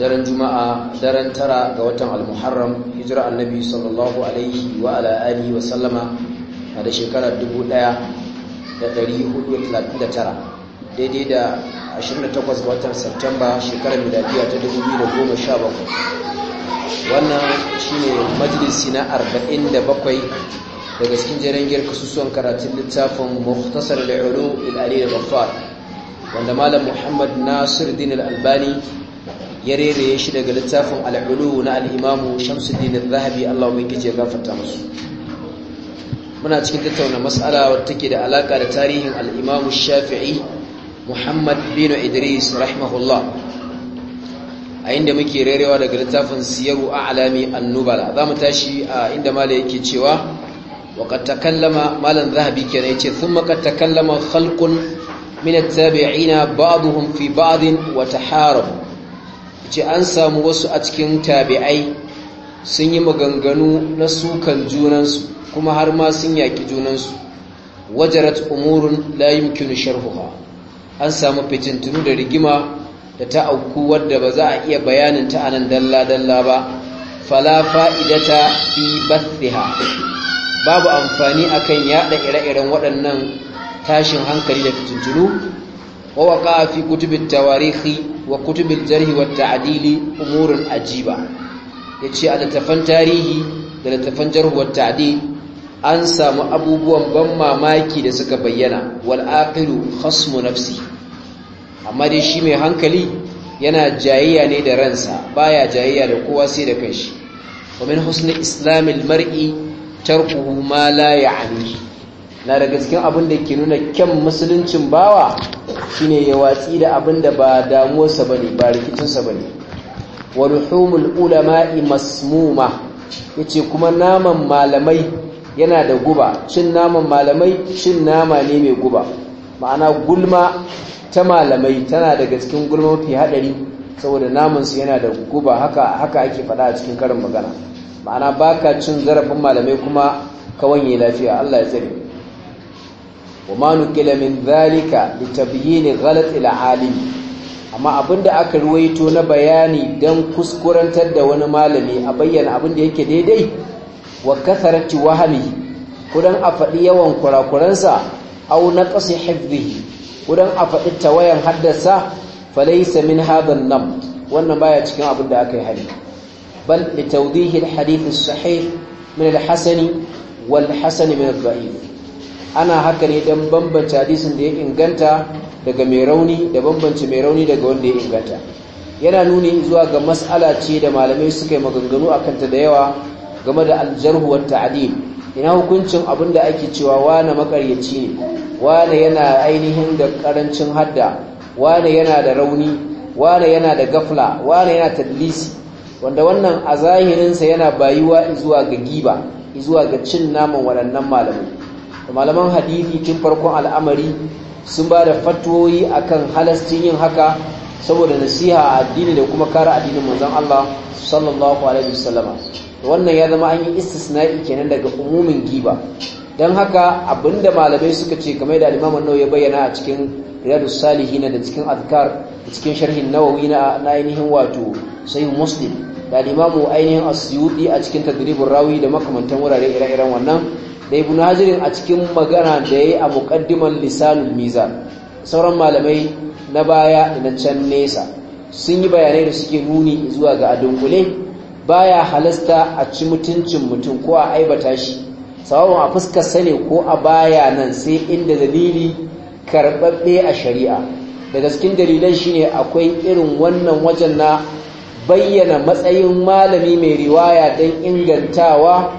daren juma'a daren tara ga watan al-muharram hijira annabi sallallahu alaihi wa ala alihi wa sallama a da shekarar 1439 daidai da 28 ga watan Satumba shekarar miladiya ta 2017 wannan shine majalisi na 47 daga cikin jerengiyar kasusuwan karatun littafin muhtasar al-ulum al-ali al-ghaffar wanda malam Muhammad Nasir Din al-Albani ya rereye shi daga littafin al'ulu na al'imamu shamsuddin al-zahabi Allah mai kice gafarta musu muna cikin tattauna mas'ala wadda take da alaka da tarihin al'imamu shafi'i muhammad bin idris rahimahullah a inda muke rerewa daga littafin siyaru a'lami annubala za mu tashi a inda mala yake cewa wa qad takallama malan zahabi kenan yace thumma qad takallama khalqun min at-tabi'ina ba'dhum fi ba'd wa taharabu ce an samu wasu a cikin tabi'ai sun yi maganganu na sukan junansu kuma har ma sun yaki junansu wajarat umurun la yumkinu sharhuwa. an samu fitintunu da rigima da ta auku wadda ba za a iya bayanin ta anan dalla-dalla ba fala fa'idata fi bathiha babu amfani akan yada ire-iren waɗannan tashin hankali da fitintunu ووقع في كتب التواريخ وكتب الجرح والتعديل umurin ajiba yace a تفن tarihi da littafan jarhu wa ta'dil an samu abubuwan ban mamaki da suka bayyana wal aqilu khasmu nafsi amma dai shi mai hankali yana jayayya ne da ransa baya jayayya da kowa sai da kanshi wa min husni islamil mar'i tarkuhu ma la ya'ni na daga cikin abin da ke nuna kyan musuluncin bawa shine ya watsi da abin da ba damuwarsa ba ne, ba rikicinsa bane ne. luhumul ulama'i masmuma ya ce kuma naman malamai yana da guba cin naman malamai cin nama ne mai guba ma'ana gulma ta malamai tana daga cikin gulma mafi hadari saboda namansu yana da guba haka ake faɗa a cikin karin magana ma'ana baka cin zarafin malamai kuma ya lafiya Allah ya tsare وما نقل من ذلك لتبيين غلط العالم amma abinda aka ruwaito na bayani don kuskurantar da wani malami a bayyana abinda yake daidai wa kasarati wahami kudan a faɗi yawan kurakuransa au na ƙasa hifzihi kudan a faɗi tawayan haddasa falaisa min hadan nam wannan baya cikin abinda aka yi hali bal li tawdihi al hadith sahih min al hasani wal hasani min al da'if ana haka ne don bambance hadisin da ya inganta daga mai rauni da bambance mai rauni daga wanda ya inganta yana nuni zuwa ga mas'ala ce da malamai suka yi maganganu a kanta da yawa game da aljarhu wata ina hukuncin abin da ake cewa wane makaryaci ne wane yana ainihin da karancin hadda wane yana da rauni wane yana da gafla wane yana tadlisi wanda wannan a zahirinsa yana bayuwa zuwa ga giba zuwa ga cin naman waɗannan malamai malaman hadithi tun farkon al'amari sun ba da fatuwoyi akan halastin yin haka saboda nasiha a addini da kuma kara addinin manzan Allah sallallahu alaihi wasallama wannan ya zama an yi istisna'i kenan daga umumin giba dan haka abinda malamai suka ce game da Imam an ya bayyana a cikin Riyadus na da cikin Azkar da cikin sharhin Nawawi na ainihin wato Sahih Muslim da Imam ainihin Asyuti a cikin Tadribur Rawi da makamantan wurare ire-iren wannan da ibn a cikin magana da ya yi a muƙaddiman lisanin miza sauran malamai na baya da na can nesa sun yi bayanai da suke nuni zuwa ga ba baya halasta a ci mutuncin mutum ko a aibata shi sawawun a fuskar sane ko a baya nan sai inda dalili karɓaɓɓe a shari'a daga cikin dalilan shine akwai irin wannan wajen na bayyana matsayin malami mai riwaya don ingantawa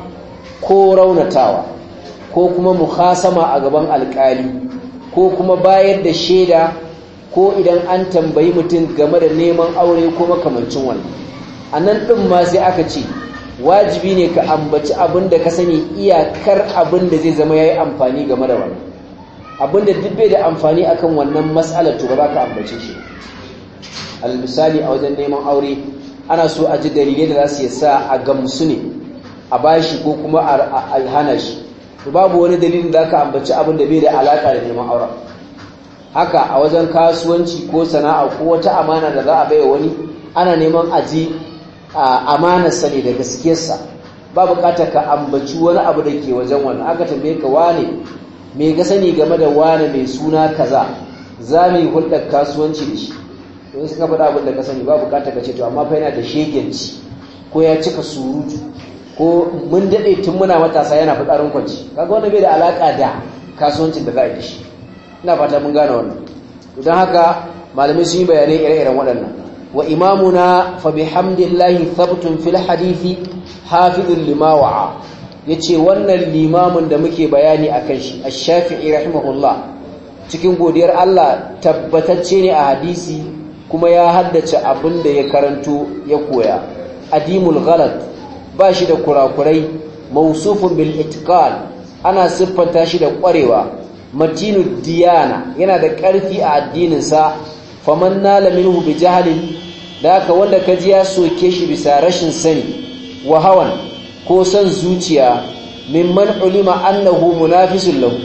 ko raunatawa ko kuma mukhasama a gaban alkali ko kuma bayar da shaida ko idan an tambayi mutum game da neman aure ko makamancin wani, a nan ɗin ma sai aka ce wajibi ne ka ambaci abin da ka sani iyakar abin da zai zama ya yi amfani game da wani, abin da duk bai da amfani a kan wannan matsalar to ba ka ambace shi al a wajen neman aure ana so a ji dalilai da za su sa a gamsu ne a bashi ko kuma a hana shi to babu wani dalilin da ka ambaci abin da bai da alaka da neman aure haka a wajen kasuwanci ko sana'a ko wata amana da za a bai wani ana neman aji amanar sa ne da gaskiyarsa ba bukatar ka ambaci wani abu da ke wajen wannan aka tambaye ka wane me ga sani game da wane mai suna kaza za mu yi hulɗar kasuwanci da shi don suka faɗa abin da ka sani ba bukatar ka ce to amma fa yana da shegenci ko ya cika surutu ko mun daɗe tun muna matasa yana ƙarin kwanci kaga wani bai da alaƙa da kasuwancin da za a yi shi ina fata mun gane wannan don haka malamai sun yi bayanai ire-iren waɗannan wa imamuna fa bihamdillahi thabtun fil hadithi hafidun limawa. Ya yace wannan limamin da muke bayani akan shi ash-shafi'i rahimahullah cikin godiyar Allah tabbatacce ne a hadisi kuma ya haddace abin da ya karanto ya koya adimul ghalat ba shi da kurakurai mausufun bil itikal ana siffanta shi da ƙwarewa matinu diyana yana da ƙarfi a addininsa faman nala minhu bi jahalin da aka wanda ka ji ya soke shi bisa rashin sani Wahawan, ko son zuciya mimman ulima annahu munafisun lahu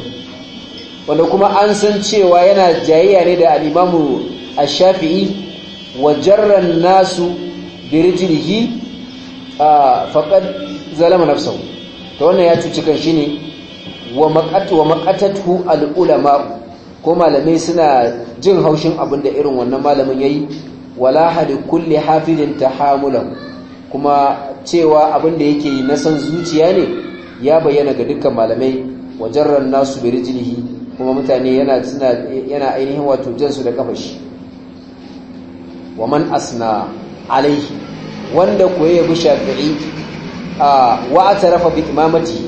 wanda kuma an san cewa yana jayayya ne da alimamu a shafii wa nasu birjirgi faƙar zalama nafsahu ta wannan ya cuci kan shi ne wa maqat wa ko malamai suna jin haushin abinda irin wannan malamin ya yi? Walahadi, hadi kulli hafidin tahamulan kuma cewa abin da yake yi na san zuciya ne ya bayyana ga dukkan malamai wajarran nasu bi jinihi, kuma mutane yana ainihin wato jansu da kafashi wa man asna alaihi wanda kuwa ya bi shafi'i a wa atarafa bi imamati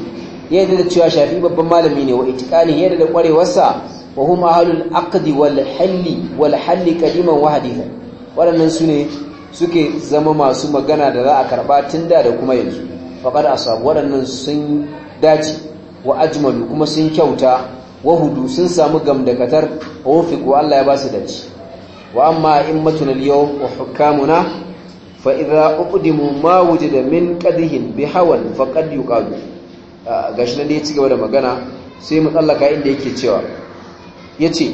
ya yadda da cewa shafi'i babban malami ne wa itiqani ya yadda da kwarewarsa wa hum ahlul aqdi wal halli wal halli wa Hadiza. waɗannan su ne suke zama masu magana da za a karɓa tunda da da kuma yanzu faqad asabu waɗannan sun dace wa ajmalu kuma sun kyauta wa hudu sun samu gamdakatar wa wafiq ko Allah ya ba su dace wa amma immatuna al-yawm wa hukamuna fa idza uqdimu ma da min qadhin bi hawan faqad yuqadu ah, gashi nan ya ci gaba da magana sai mu tsallaka inda yake cewa yace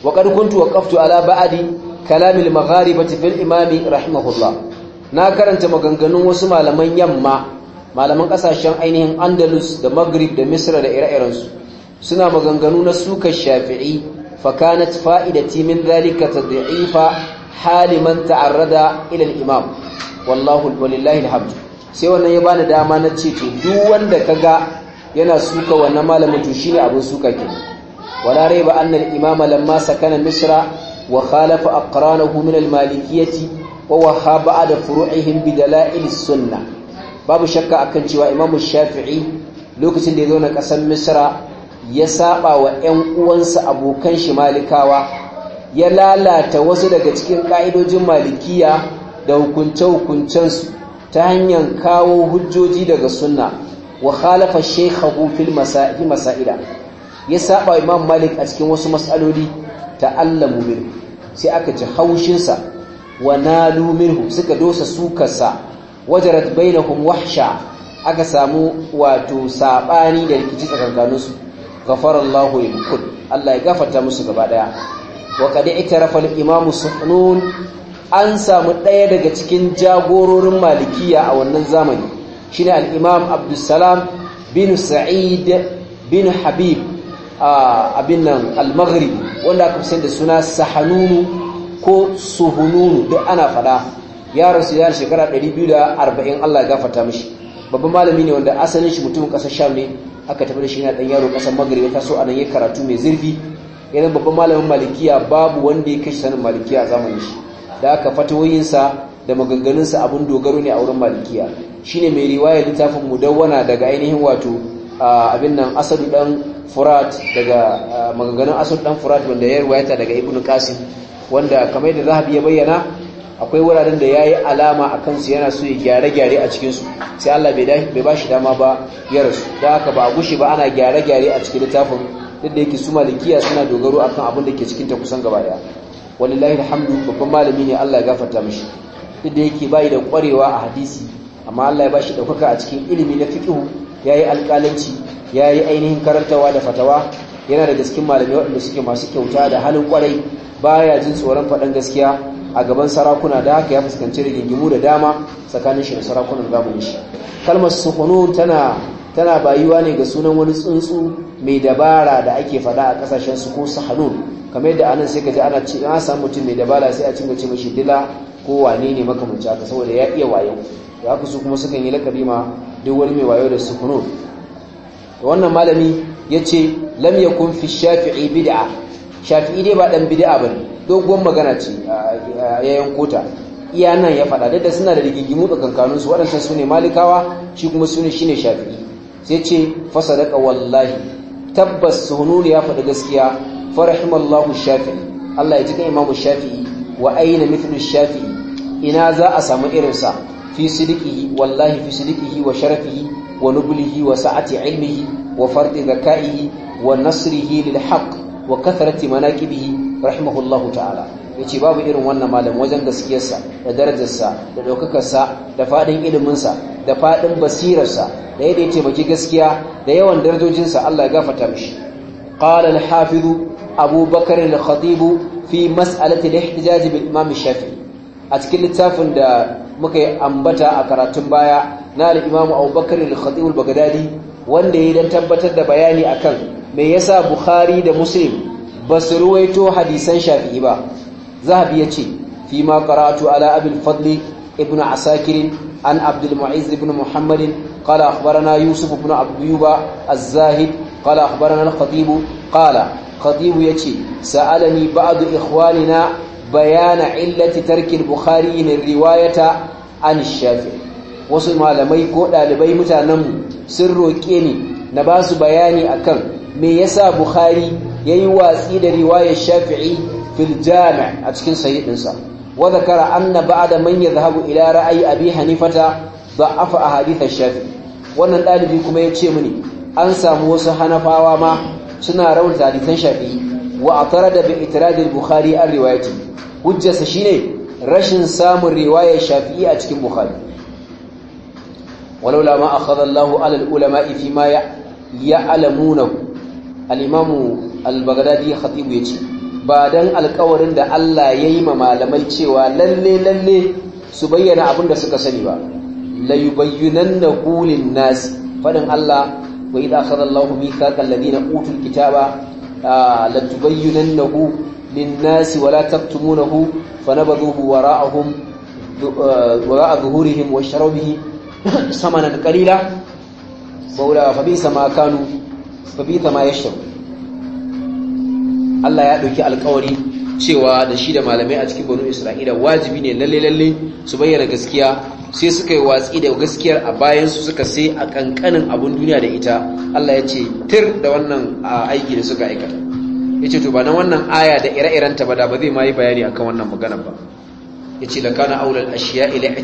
wa qad kuntu waqaftu ala ba'adi kalamil al-magharibati fil imami rahimahullah na karanta maganganun wasu malaman yamma malaman ƙasashen ainihin Andalus da Maghrib da Misra da ire-irensu suna maganganu na suka Shafi'i fa kanat fa'idati min dhalika tad'ifa hali man ta'arrada ila al-imam wallahu walillahi alhamd sai wannan ya bani dama na ce to duk wanda kaga yana suka wannan malamin to shine abin suka ke wala raiba anna al-imama lamma sakana misra wa khalafa aqranahu min al-malikiyyati wa wahaba ada furu'ihim bi dalail sunnah babu shakka akan cewa imam shafi'i lokacin da ya zo na kasar misra ya saba wa ƴan uwansa abokan shi malikawa ya lalata wasu daga cikin ƙa'idojin malikiya da hukunce-hukuncensu ta hanyar kawo hujjoji daga suna, wa khalafa shekhahu fil masa'ida ya saba imam malik a cikin wasu matsaloli allah minhu sai aka ci haushinsa wa na lumiru suka dosa sukarsa wajarat bainahum wahsha aka samu wato sabani da rikici tsakankaninsu gafarallahu lahu Allah ya gafata musu gaba daya wa qad i'tarafa imamu imam an samu ɗaya daga cikin jagororin malikiya a wannan zamani shine ne al’imam abdulsalam bin sa'id bin habib abin nan al maghrib wanda aka fi da suna sahanunu ko suhununu duk ana fada ya rasu ya shekara 240 Allah ya fata mashi. babban malami ne wanda asalin shi mutumin kasar Sham ne aka tafi da shi na dan yaro kasar Maghrib ya taso nan ya karatu mai zurfi irin babban malamin malikiya babu wanda ya kashe sanin malikiya a zamanin shi da aka fatawoyinsa da maganganunsa abin dogaro ne a wurin malikiya Shi ne mai riwaya littafin mudawana daga ainihin wato abin nan asadu dan furat daga maganganun asadu dan furat wanda ya riwayata daga ibnu qasim wanda kamar da zahabi ya bayyana akwai wuraren da ya yi alama a kansu yana so ya gyare-gyare a cikinsu sai Allah bai ba shi dama ba ya rasu da haka ba a gushi ba ana gyare-gyare a cikin littafin duk da yake su malikiya suna dogaro akan abin da ke cikin ta kusan gaba daya wallahi alhamdu babban malami ne Allah ya gafarta mishi duk da yake bai da kwarewa a hadisi amma Allah ya bashi daukaka a cikin ilimi na fiqh yayi alƙalanci yayi ainihin karantawa da fatawa yana da gaskin malami waɗanda suke masu kyauta da halin kwarai baya jin tsoron faɗan gaskiya a gaban sarakuna da haka ya fuskanci rigingimu da dama tsakanin shi da sarakunan zamani shi kalmar suhunu tana tana bayuwa ne ga sunan wani tsuntsu mai dabara da ake fada a kasashen su ko sahanun kamar yadda anan sai ka ji ana ce an samu mutum mai dabara sai a cin gace mashi dila ko wane ne makamanci haka saboda ya iya wayo da haka su kuma sukan yi lakabi ma duk wani mai wayo da sukunun da wannan malami ya ce lam yakun fi shafi'i bid'a shafi'i dai ba dan bid'a ne, dogon magana ce ya yanko ta iya nan ya faɗa da suna da rigigimu tsakankaninsu waɗancan su ne malikawa shi kuma su shafi'i sai ce fasadaka wallahi tabbas sununi ya faɗi gaskiya farahimallahu shafi'i Allah ya ji kan imamu shafi'i wa aina mithlu shafi'i ina za a samu irinsa fi sidiqihi wallahi fi sidiqihi wa sharafihi wa nublihi wa sa'ati ilmihi wa fardi zaka'ihi wa nasrihi lil haqq wa kathrati manaqibihi rahimahullahu ta'ala ce babu irin wannan malam wajen gaskiyarsa da darajarsa da ɗaukakarsa, da faɗin iliminsa da faɗin basirarsa da yadda ya taimaki gaskiya da yawan darajojinsa Allah ya gafata mishi qala al-hafiz Abu Bakar al-Khatib fi mas'alati al-ihtijaj bil Imam Shafi'i a cikin littafin da muka yi ambata a karatun baya na al-Imam Abu Bakar al-Khatib al-Baghdadi wanda ya dan tabbatar da bayani akan me yasa Bukhari da Muslim ba su ruwaito hadisan Shafi'i ba zahabi ya ce fi ma ala abin fadli ibnu asakirin an abdul mu'izz ibn muhammad qala akhbarana yusuf ibn abduyuba az-zahid qala akhbarana al-khatib qala ya ce sa'alani ba'd ikhwanina bayana illati tarki al-bukhari riwayata an shafi'i wasu malamai ko dalibai mutanenmu sun roƙe ni na ba su bayani akan me yasa bukhari yayi watsi da riwayar shafi'i fil a cikin sahih dinsa wa zakara anna ba'da zahabu yadhhabu ila ra'ayi abi hanifata fa a ash-shafi wannan ɗalibi kuma ya ce mini an samu wasu hanafawa ma suna rawaita hadisan shafi wa atarada bi itirad al-bukhari an riwayati hujjarsa shine rashin samun riwaya shafi'i a cikin bukhari walaula ma akhadha Allahu ala al-ulama'i fi ma ya'lamunahu al-imamu al-baghdadi khatibu ce. ba don alkawarin da Allah ya yi ma malamai cewa lalle lalle su bayyana abin da suka sani ba Layu, la yubayyinannahu lin-nas Faɗin Allah wa idha akhadha Allahu mithaqa alladhina utul kitaba la tubayyinannahu lin-nas wa la taktumunahu fanabadhuhu wara'ahum wara'a zuhurihim wa sharawbihi samanan qalila fa ulaa fa bi'sa ma kanu fa bi'sa ma yashrabu Allah ya ɗauki alkawari cewa da shi da malamai a cikin banu isra'ila wajibi ne lalle lalle su bayyana gaskiya sai suka yi watsi da gaskiyar a bayan su suka sai a kankanin abin duniya da ita Allah ya ce tir da wannan aiki da suka aikata ya ce to ba na wannan aya da ire-irenta ba da ba zai ma yi bayani akan wannan magana ba ya ce da kana aulal ashiya ila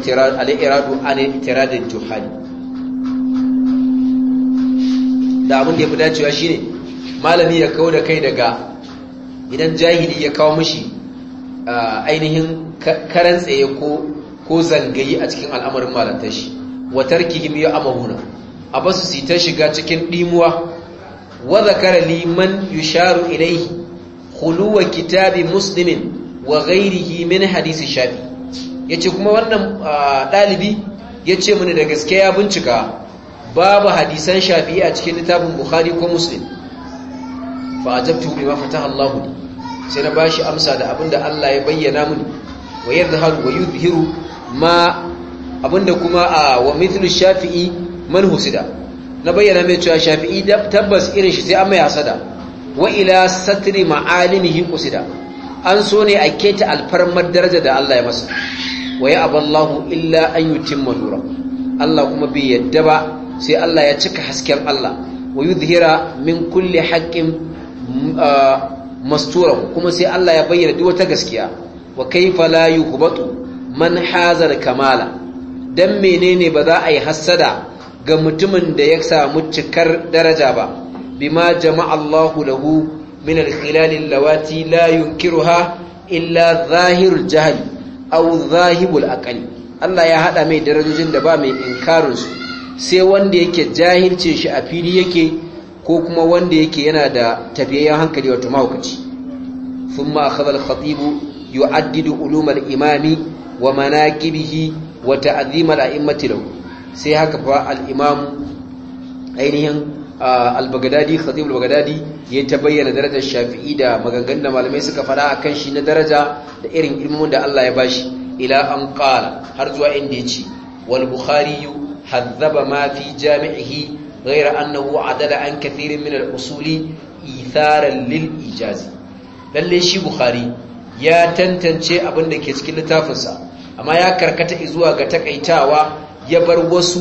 iradu an itiradin juhali da abin da ya fi dacewa shine malami ya kawo da kai daga idan jahili ya kawo mishi ainihin karen tsaye ko zangayi a cikin al'amarin malantar shi watar kihim ya amahuna a basu su ta shiga cikin ɗimuwa wadda kara liman yusharu ilai huluwa kitabi musulmin wa gairihi mini hadisi shafi ya ce kuma wannan ɗalibi ya ce mini da gaske ya bincika babu hadisan shafi a cikin littafin buhari ko muslim fa ajabtu bima fataha Allahu ne. sai na bashi amsa da abinda Allah ya bayyana mini wa yadhharu wa yudhiru ma abinda kuma a wa mithlu shafi'i man husida na bayyana mai cewa shafi'i tabbas irin shi sai an mai hasada wa ila satri ma'alimihi qusida an so ne a keta alfarmar daraja da Allah ya masa wa ya aballahu illa an yutimma nura Allah kuma bai yadda ba sai Allah ya cika hasken Allah wa yudhira min kulli haqqin masturan kuma sai Allah ya bayyana duk wata gaskiya wa kaifa la yuqbatu man hazar kamala dan menene ba za a yi hassada ga mutumin da ya samu cikar daraja ba bima jama'a Allahu lahu min al-khilal lawati la yunkiruha illa zahirul jahl aw zahibul aqli Allah ya hada mai darajojin da ba mai inkarin su sai wanda yake jahilce shi a fili yake ko kuma wanda yake yana da tafiyayyen hankali wato mahaukaci Sun akhadha al-khatib yu'addidu ulum ulumar imami wa manaqibihi wa ta'dhim al-a'immati sai haka fa Al'imam, ainihin al-baghdadi khatib al-baghdadi ya darajar shafi'i da maganganun da malamai suka a akan shi na daraja da irin ilmin da Allah ya bashi ila an qala har zuwa inda yace wal bukhari hazzaba ma fi jami'ihi غير أنه عدل عن كثير من الأصول إيثارا للإيجاز للي شي بخاري يا تنتنشي أبن لك يسكيل تافنسا أما يا كركت إزوا قتك إيتاوا يبر وسو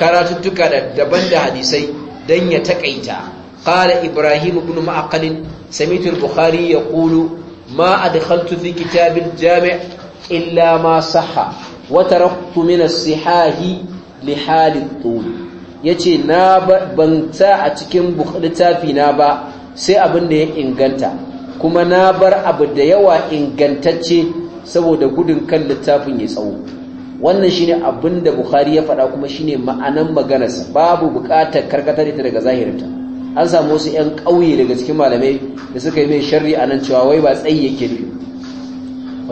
كراتتك دبند حديثي دن يتك إيتا قال إبراهيم بن معقل سميت البخاري يقول ما أدخلت في كتاب الجامع إلا ما صح وتركت من الصحاه لحال الطول ya ce ban sa a cikin littafi na ba sai abin da ya inganta kuma na bar abu da yawa ingantacce saboda gudun kan littafin ya tsawo wannan shine abin da bukhari ya faɗa kuma shine ma'anan maganarsa babu buƙatar karkatar ita daga zahirinta an samu wasu 'yan ƙauye daga cikin malamai da suka yi mai sharri a nan cewa wai ba tsayi yake nufi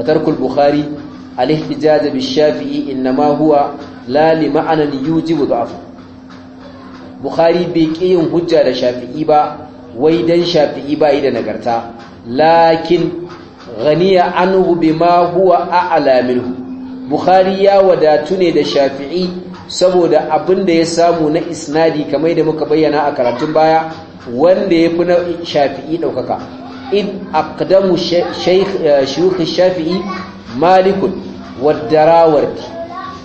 fatarkul bukhari al-ihtijaj bi shafi'i innama huwa la li ma'anan yujibu da'afu bukhari bai ƙi yin hujja da shafi'i ba wai dan shafi'i ba yi da nagarta lakin ghaniya anhu bima huwa a'la minhu bukhari ya wadatu ne da shafi'i saboda abin da ya samu na isnadi kamar da muka bayyana a karatun baya wanda ya fi na shafi'i ɗaukaka in aqdamu eh, shuyukh shafi'i malikun waddarawarki.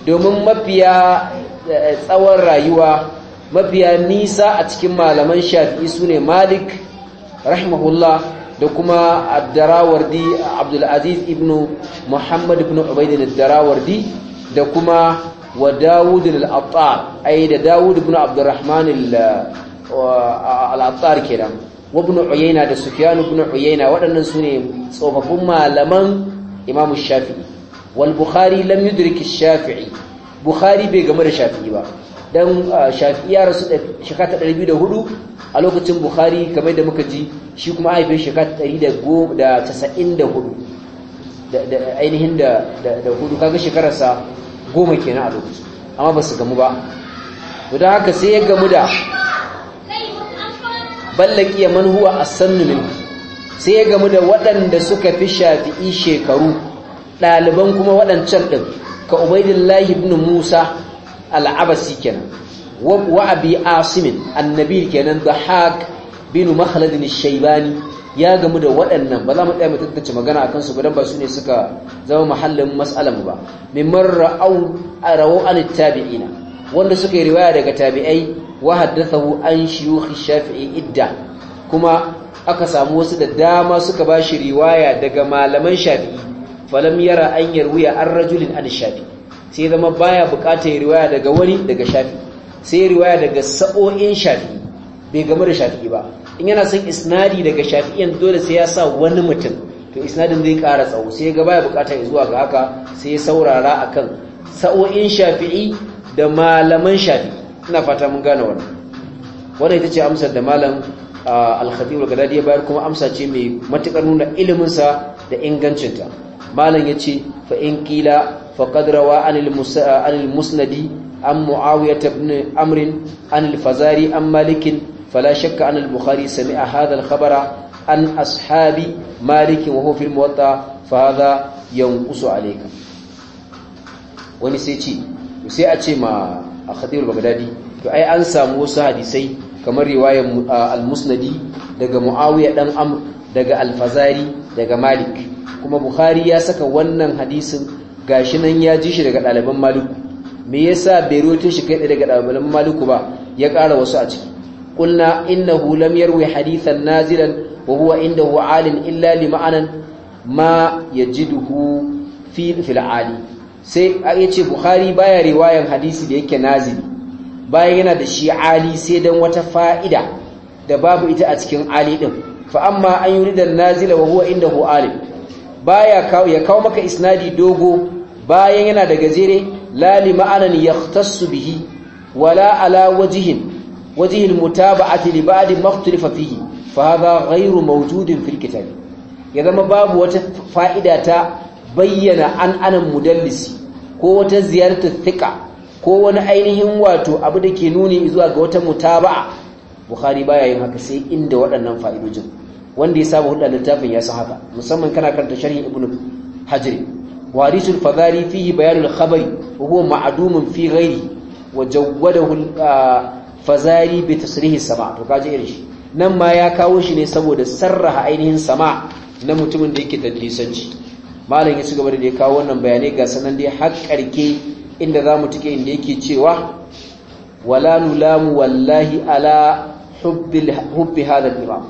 domin mafiya eh, tsawon rayuwa mafiya nisa a cikin malaman shafi'i sune malik rahimahullah da kuma ad-darawardi abdulaziz ibn muhammad ibn ubayd ad da kuma wa dawud al-attar ay da dawud ibn abdurrahman al-attar kenan wa ibn uyayna da sufyan ibn uyayna waɗannan sune tsofaffin malaman imam shafi'i wal bukhari lam yudrik ash-shafi'i bukhari bai game da shafi'i ba dan shafi'iya rasu shekara 204 a lokacin bukhari kamar da muka ji shi kuma haifin shekara 194 da ainihin da hudu kaga shekararsa goma kenan a lokacin amma ba su gamu ba guda haka sai ya gamu da ballaki ya manhuwa a ne. sai ya gamu da waɗanda suka fi shafi'i shekaru ɗaliban kuma waɗancan ɗin ka ubaidillahi ibn musa al'abasi kenan wa abi asim annabi kenan dhahak bin makhlad al shaibani ya gamu da waɗannan ba za mu tsaya mu tattace magana kansu su gudan ba su ne suka zama mahallin mas'alan ba mimman ra'au rawu al-tabi'ina wanda suka yi riwaya daga tabi'ai wa hu an shuyukh shafi'i idda kuma aka samu wasu da dama suka ba shi riwaya daga malaman shafi'i falam yara an yarwiya ar-rajulin an shafi'i sai zama baya bukata ya riwaya daga wani daga shafi sai ya riwaya daga sa'o'in shafi bai game da shafi ba in yana son isnadi daga shafi'iyan dole sai ya sa wani mutum to isnadin zai ƙara tsawo sai ga baya bukata ya zuwa ga haka sai ya saurara akan sa'o'in shafi'i da malaman shafi ina fata mun gane wannan wannan ita ce amsar da malam al-khatib al-gadadi ya bayar kuma amsa ce mai matukar nuna ilimin sa da ingancinta malam yace fa in kila فقد روى عن, المس... عن المسند عن معاوية بن أمر عن الفزاري عن مالك فلا شك أن البخاري سمع هذا الخبر عن أصحاب مالك وهو في الموطأ فهذا ينقص عليك wani sai ce sai a ce ma a khatirul bagdadi to ai an samu wasu hadisai kamar riwayar al-musnadi daga muawiya dan amr daga al-fazari daga malik kuma bukhari ya saka wannan hadisin gashi nan ya ji shi daga ɗaliban maliku me yasa bai rawaito shi kai daga ɗaliban maliku ba ya ƙara wasu a ciki qulna innahu lam yarwi hadithan nazilan wa huwa indahu alin illa li ma'anan ma yajiduhu fi fil ali sai yace bukhari baya riwayan hadisi da yake nazili bayan yana da shi ali sai dan wata fa'ida da babu ita a cikin ali din fa amma an yuridan nazila wa huwa indahu alin baya kawo ya kawo maka isnadi dogo bayan yana da gajere la li ma'anan yahtassu bihi wala ala wajhin wajhin mutaba'ati li ba'di makhtalifa fihi fa hadha ghayru mawjudin fil kitab ya zama babu wata fa'ida ta bayyana an anan mudallisi ko wata ziyartar thika ko wani ainihin wato abu da ke nuni zuwa ga wata mutaba'a bukhari baya yin haka sai inda waɗannan fa'idojin wanda ya saba hudu littafin ya san haka musamman kana karanta sharhi ibnu hajri وحديث الفذاري فيه بيان الخبر وهو معدوم في غيره وجوده الفذاري بتصريح السماع Nan ma ya kawo shi ne saboda sarraha ainihin sama na mutumin da yake tadlisanci malam ya ci gaba da ya kawo wannan bayanai ga sanan dai har karke inda zamu tike inda yake cewa wala nulamu wallahi ala hubbi hada al-imam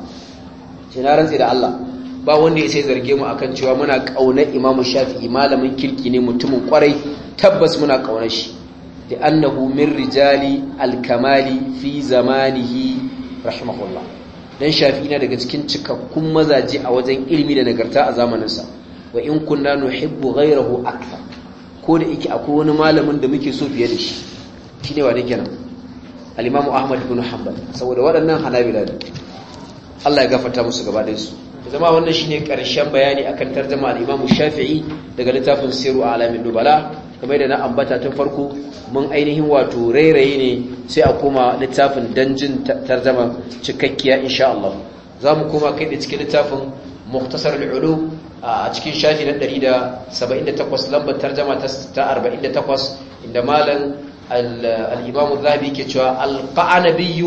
na rantsi da Allah ba wanda ya sai zarge mu akan cewa muna kauna imamu shafi'i malamin kirki ne mutumin kwarai tabbas muna kauna shi da annahu min rijali alkamali fi zamanihi rahimahullah dan shafi'i na daga cikin cikakkun mazaje a wajen ilimi da nagarta a zamaninsa wa in kunna nuhibbu ghayrahu akthar ko da yake akwai wani malamin da muke so fiye da shi shine wa nake kenan al-imamu ahmad ibn hanbal saboda waɗannan hanabila Allah ya gafarta musu gaba su. Zama wannan shine karshen bayani akan tarjuma al-Imam Shafi'i daga littafin Siru Alamin dubala kamar da na ambata tun farko mun ainihin wato rairaye ne sai a koma littafin danjin tarjuma cikakkiya insha Allah zamu koma kai da cikin littafin Mukhtasar al-Ulum a cikin shafi na 178 lambar tarjuma ta 48 inda malam al-Imam Zabi ke cewa al-Qanabi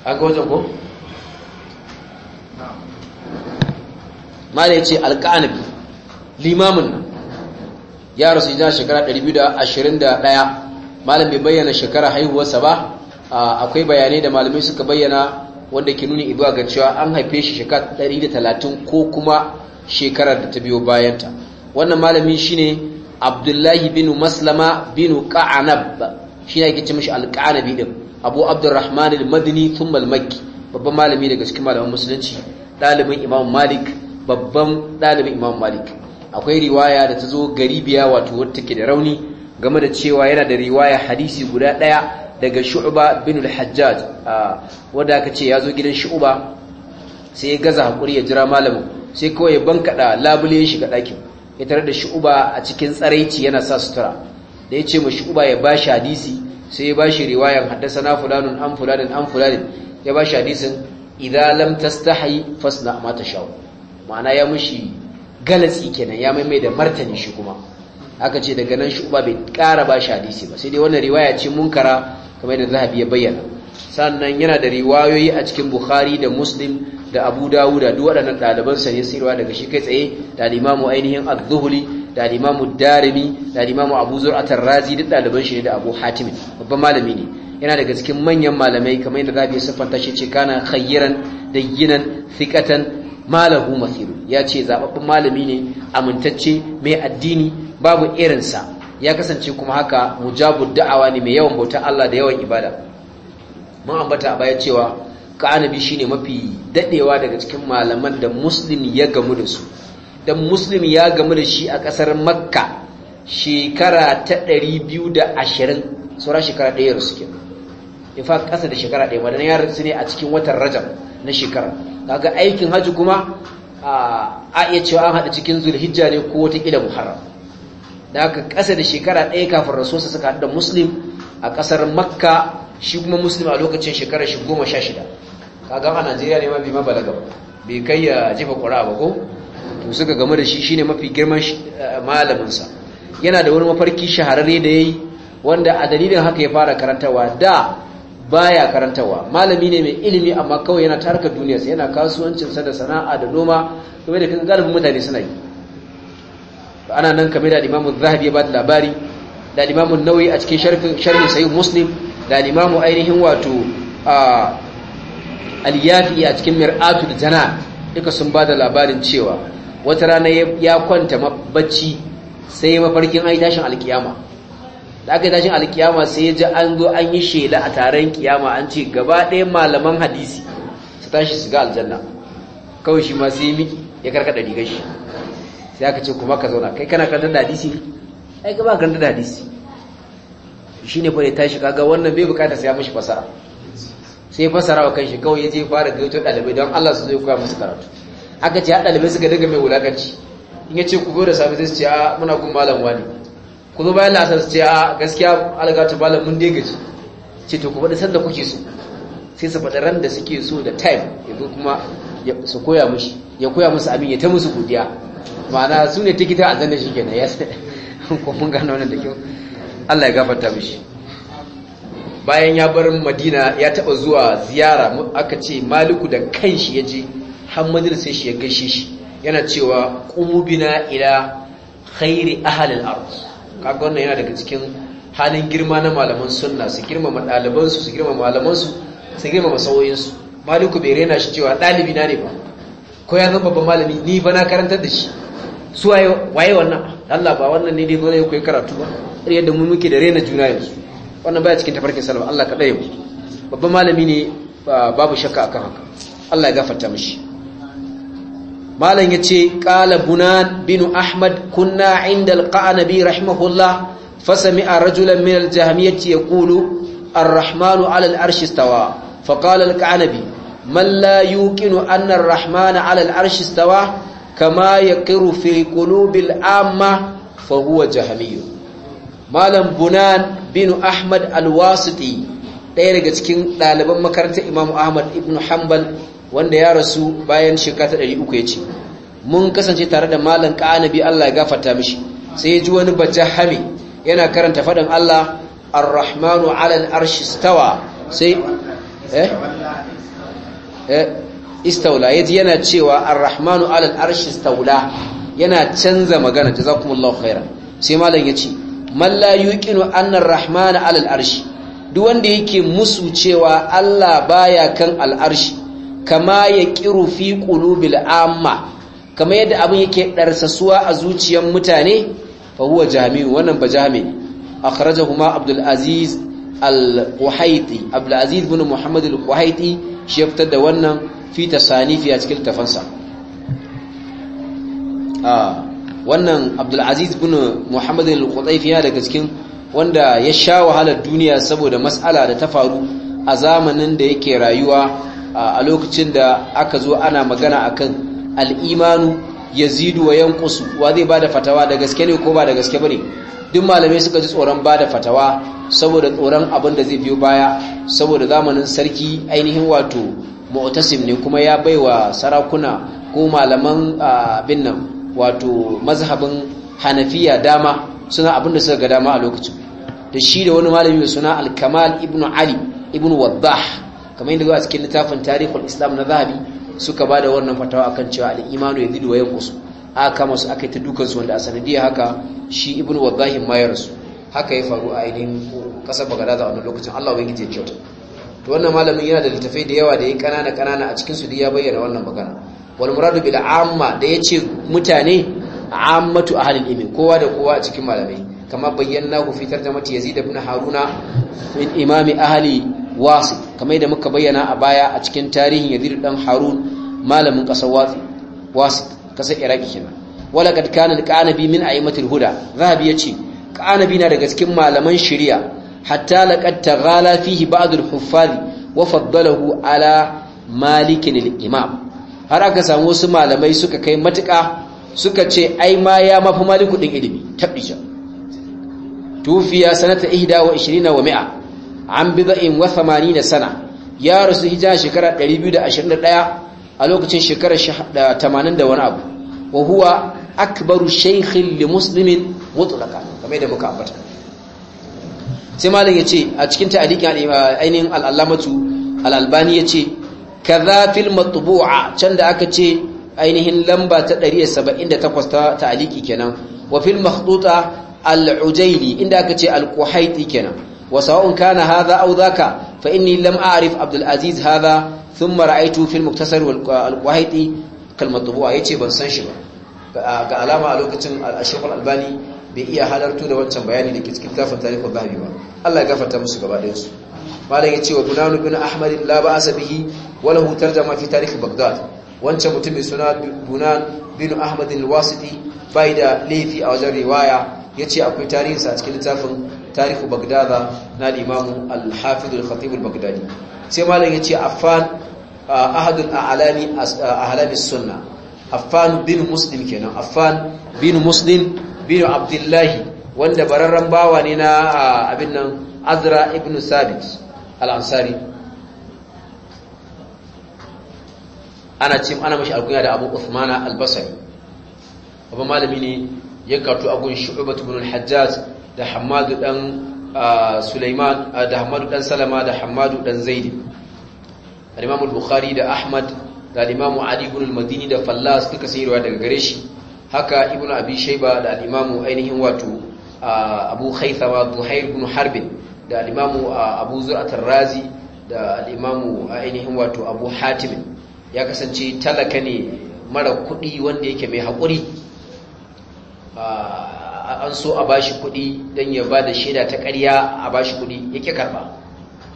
An ga wajen ko? mala ya ce alƙa'anabi limamin ya rasu jina shekara 221 malam bai bayyana shekara haihuwarsa ba akwai bayanai da malamai suka bayyana wanda ke nuni ibuwa ga cewa an haife shi shekara 130 ko kuma shekarar da ta biyo bayanta wannan malami ne abdullahi bin maslama bin ka'anab shi ne ake ce mashi alƙa'anabi din abu abdurrahman al-madini thumma al babban malami daga cikin malaman musulunci ɗalibin imam malik babban ɗalibin imam malik akwai riwaya da ta zo gari biya wato wata ke da rauni game da cewa yana da riwaya hadisi guda ɗaya daga shu'uba bin al-hajjaj wanda aka ce ya zo gidan shu'uba sai ya gaza hakuri ya jira malamin sai kawai ya bankada labule ya shiga ɗakin ya tare da shu'uba a cikin tsaraici yana sa sutura da ya ce ma shu'uba ya ba shi hadisi sai ya ba bashi riwayan na fulanun an fulanin an fulanin ya ba shi hadisin idan lam tastahi fasna ma shawo. ma'ana ya mushi galatsi kenan ya mai mai da martani shi kuma aka ce daga nan shi uba bai kara ba shi hadisi ba sai dai wannan riwaya ce munkara kamar da zahabi ya bayyana sannan yana da riwayoyi a cikin bukhari da muslim da abu dawuda duk waɗannan ɗalibansa ne sirwa daga shi kai tsaye da imamu ainihin az-zuhli da imamu darimi da imamu abu razi duk ɗaliban shi ne da abu hatim babban malami ne yana daga cikin manyan malamai kamar yadda zabi ya siffanta shi ce kana khayyiran dayyinan thiqatan malahu Masiru ya ce zababbin malami ne amintacce mai addini babu irinsa ya kasance kuma haka mujabud da'awa ne mai yawan bautar Allah da yawan ibada mun ambata a baya cewa ka'anabi shine mafi dadewa daga cikin malaman da muslimi ya gamu da su dan muslimi ya gamu da shi a kasar makka shekara ta 220 sura shekara ɗaya su in fa kasa da shekara ɗaya madan ya rasu ne a cikin watan rajab na shekara kaga aikin haji kuma a iya cewa an haɗa cikin zulhijja ne ko wata wataƙila muharram da aka ƙasa da shekara ɗaya kafin rasuwarsa suka haɗu da muslim a ƙasar makka shi kuma muslim a lokacin shekarar shi goma sha shida kaga a najeriya ne ma bi ma balaga bai kai ya jefa ƙura ba ko to suka game da shi shine mafi girman eh, malaminsa yana da wani mafarki shahararre da ya wanda a dalilin haka ya fara karantawa da baya karantawa malami ne mai ilimi amma kawai yana tarka duniyarsa yana kasuwancinsa da sana'a da noma kuma da kan galibin mutane suna yi ana nan kamar da imamu zahabi ya ba da labari da imamu nawawi a cikin sharhin sharhin sahih muslim da imamu ainihin wato al a cikin da jana duka sun ba da labarin cewa wata rana ya kwanta bacci sai mafarkin ai tashin alkiyama da aka yi tashin alkiyama sai ya ji an zo an yi shaida a taron kiyama an ce gaba ɗaya malaman hadisi su tashi su ga aljanna kawai shi ma sai ya miki ya karkada rigar shi sai aka ce kuma ka zauna kai kana karanta da hadisi ne ai ka ba da hadisi shi ne fa ya tashi kaga wannan bai bukata sai ya mishi fasara sai fasara wa kanshi kawai ya je fara gaito ɗalibai don Allah su zo koya musu karatu aka ce ya ɗalibai suka daga mai wulakanci in ya ce ku zo da safe sai su ce a muna gun malam wani ku zo bayan lasar ce a gaskiya algatu malam mun dai gaji ce to ku faɗi sanda kuke so sai su faɗi ran da suke so da time ya zo kuma su koya mushi ya koya musu abin ya ta musu godiya ma'ana su ne tikita a zanda shi ke na yasa ko mun gano wannan da kyau Allah ya gafarta mushi bayan ya bar Madina ya taba zuwa ziyara aka ce Maliku da kan shi ya je har shi ya gaishe shi yana cewa qumubina ila khairi ahli al kaga wannan yana daga cikin halin girma na malaman sunna su ma ɗalibansu su girma malamansu su girmama sauyoyinsu maliku bai rena shi cewa dalibi na ne ba ko ya zama babban malami ni ba na karantar da shi su waye wannan Allah ba wannan ne dai zo ne koyi karatu ba yadda mu muke da rena juna yanzu wannan baya cikin tafarkin salama Allah ka babban malami ne babu shakka akan haka Allah ya gafarta mishi malam ya ce ƙala bunan binu ahmad kunna inda alƙa'a nabi rahimahullah fasami a rajulan min aljahamiyyarci ya kulu arrahmanu alal arshistawa faƙala alƙa'a nabi man la yuƙinu annar rahmanu alal arshistawa kama ya kiru fi kulubil amma fahuwa jahamiyyar malam bunan binu ahmad alwasiti ɗaya daga cikin ɗaliban makarantar imamu ahmad ibn hanbal wanda ya rasu bayan shekara ta ya ce, mun kasance tare da malam ka'anabi Allah ya gafarta mishi sai ya ji wani bajahami yana karanta fadan Allah al rahmanu 'ala stawa sai eh eh istawla yaji yana cewa al rahmanu 'ala stawla yana canza magana jazakumullahu khairan sai malam yace man la yuqinu anna rahmana 'ala arshi duk wanda yake musu cewa Allah baya kan al'arshi. kama ya ƙiru fi ƙulubil amma kama yadda abin yake ɗarsasuwa a zuciyar mutane fahuwa jami'u wannan ba jami'u a kharaja kuma abdulaziz al-kuhaiti abdulaziz bin muhammad al-kuhaiti shi ya fitar da wannan fi ta sanifi a cikin tafansa wannan abdulaziz bin muhammad al-kuhaiti yana daga cikin wanda ya sha wahalar duniya saboda mas'ala da ta faru a zamanin da yake rayuwa a lokacin da aka zo ana magana akan al'imanu ya zidu wa yankusu wa zai ba da fatawa da gaske ne ko ba da gaske bane duk malamai suka ji tsoron ba da fatawa saboda tsoron abin da zai biyo baya saboda zamanin sarki ainihin wato mu'tasim ne kuma ya baiwa sarakuna ko malaman abin nan wato mazhabin hanafiya dama suna abin da suka ga dama a lokacin da shi da wani malami mai suna al-kamal ibnu ali ibnu waddah kamar yadda zuwa cikin littafin tarihul islam na zahabi suka ba da wannan fatawa akan cewa al'imanu ya zidu wa yankusu a kama su aka yi ta dukansu wanda a sanadiyya haka shi ibn wadahin mayarsu haka ya faru a ainihin kasar bagadaza a wannan lokacin allah wani ya kyauta to wannan malamin yana da littafai da yawa da ya kanana kanana a cikin su da ya bayyana wannan magana wal muradu bil amma da ya ce mutane ammatu ahlil ilmi kowa da kowa a cikin malamai kama bayyana ku fitar da mata yazid ibn haruna min imami ahli wasi kamar da muka bayyana a baya a cikin tarihin yazid dan harun malamin kasar wasi wasi kasar iraki kenan wala kad kana qanabi min a'immatil huda zahabi yace qanabi na daga cikin malaman shari'a hatta laqad taghala fihi ba'dul huffaz wa faddalahu ala malikin al-imam har aka samu wasu malamai suka kai matuka suka ce ai ma ya mafi malikudin ilimi tabbija tufiya sanata 21 wa 100 an bid'in wa 80 sana ya rasu hijira shekara 221 a lokacin shekarar 80 da wani abu wa huwa akbaru shaykhin li muslimin mutlaqan kamar da muka ambata sai malam yace a cikin ta'liqin ainihin al-allamatu al-albani yace kaza fil matbu'a can da aka ce ainihin lamba ta 178 ta ta'liqi kenan wa fil makhduta al-ujaili inda aka ce al-quhaiti kenan وسواء كان هذا أو ذاك فإني لم أعرف عبد العزيز هذا ثم رأيته في المكتسر والواحد كالمطبوع san shi سنشبا ga alama a lokacin al Albani bai iya halartu da wancan bayani da ke cikin tafin tarihi babi ba Allah ya gafarta musu gaba ɗayan su malam yace wa Bunanu bin Ahmad la ba'sa bihi wa lahu tarjama fi tarikh Baghdad wancan mutum mai suna Bunan bin Ahmad al-Wasiti bai da laifi a wajen riwaya yace akwai tarihinsa a cikin littafin tarihu bagdada na al-imam khatibul bagdadi al sai malam yace affan ahadul a'lami ahlami sunna affan bin muslim kenan affan bin muslim bin abdullahi wanda bararran bawa ne na abin nan azra ibn sabit al-ansari ana ce ana mashi alkunya da abu uthmana al-basri abu malami ne ya kartu agun shu'bat ibn al-hajjaj da hamadu dan sulaiman da hamadu dan salama da hamadu dan zaidi al-imam bukhari da ahmad da ali ibn al-madini da fallas duka sun yi daga gare shi haka ibn abi shayba da al ainihin wato abu khaythama duhair ibn harb da al abu zur'at ar-razi da al ainihin wato abu hatim ya kasance talaka ne mara kuɗi wanda yake mai haƙuri an so a bashi kuɗi don ya ba da shaida ta ƙarya a bashi kuɗi ya ƙi karɓa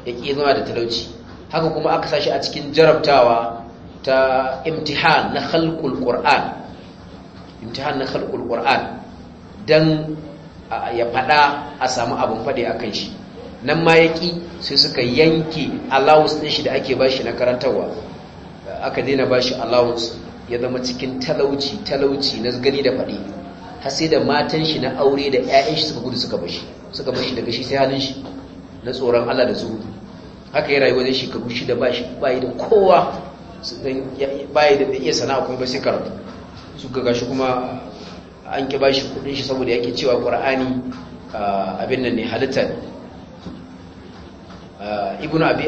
ya ƙi zama da talauci haka kuma aka sashi a cikin jarabtawa ta imtihan na halkul imtihan na halkul ƙur'an don ya faɗa a samu abin faɗi a kan shi nan ma ya ƙi sai suka yanke allowance ɗin shi da ake bashi na karantarwa aka daina bashi allowance ya zama cikin talauci talauci na gani da faɗi har da matan shi na aure da ƴaƴan shi suka gudu suka bashi suka bashi daga shi sai halin shi na tsoron Allah da zuhudu haka ya rayuwa zai shekaru shida ba shi bayi da kowa su dan bayi da iya sana'a kuma ba sai karatu Su suka gashi kuma an ki bashi kudin shi saboda yake cewa Qur'ani abin nan ne halitta ne ibnu abi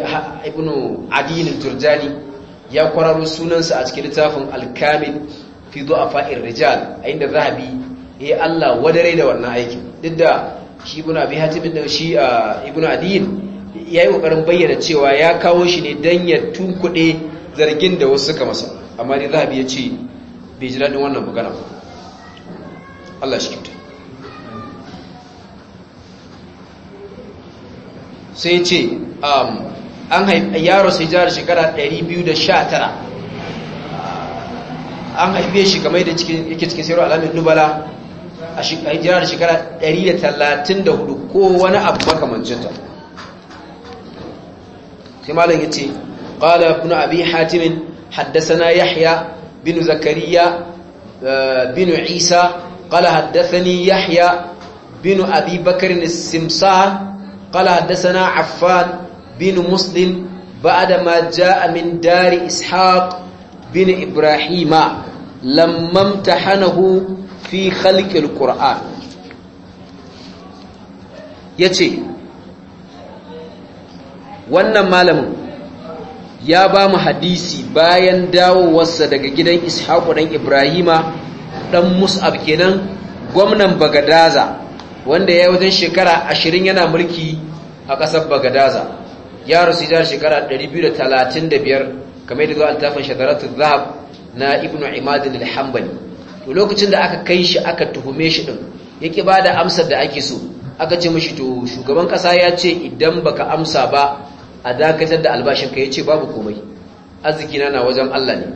ibnu adin al-jurjani ya kwararo sunansa a cikin littafin al-kamil fi du'afa'ir rijal a inda zahabi ya eh, Allah wadare da wannan aikin duk da shi ibn abi hatim da shi ibn adiyin yayi kokarin bayyana cewa ya kawo shi ne dan ya tunkude zargin da wasu suka masa amma ni zabi ya ce bai ji daɗin wannan magana Allah shi kyauta sai ce um, an haifi yaro sai jihar shekara 219 an haife shi kamar da yake cikin sayarwa alamun nubala a hijira da shekara 134 ko wani abu makamancinta sai malam yace qala ibn abi hatim haddathana yahya bin zakariya eh, bin isa qala haddathani yahya bin abi bakr as-simsan qala haddathana affan bin muslim ba'da ma jaa min dari ishaq bin ibrahima lamma imtahanahu fi khalqil ya ce wannan malamin ya ba mu hadisi bayan dawowarsa daga gidan ishaqu dan ibrahima ɗan mus'ab kenan gwamnan bagadaza wanda ya yi wajen shekara ashirin yana mulki a ƙasar bagadaza ya rasu da shekara 235 kamar da zuwa altafin shadaratun zahab na ibnu imadin al to lokacin da aka kai shi aka tuhume shi din yake ba da amsar da ake so aka ce mashi to shugaban kasa ya ce idan baka amsa ba a dakatar da albashin ka yace babu komai arziki na wajen Allah ne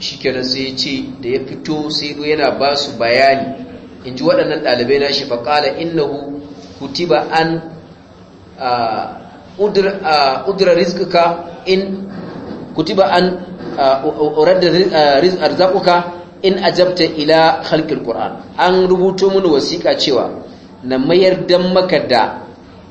shikenan sai ya ce da ya fito sai do yana ba su bayani in ji waɗannan ɗalibai na shi faƙala innahu kutiba an udra rizqika in kutiba an urada in ajabta ila khalqil ƙur'an, an rubuto mini wasiƙa cewa na mayar dan maka da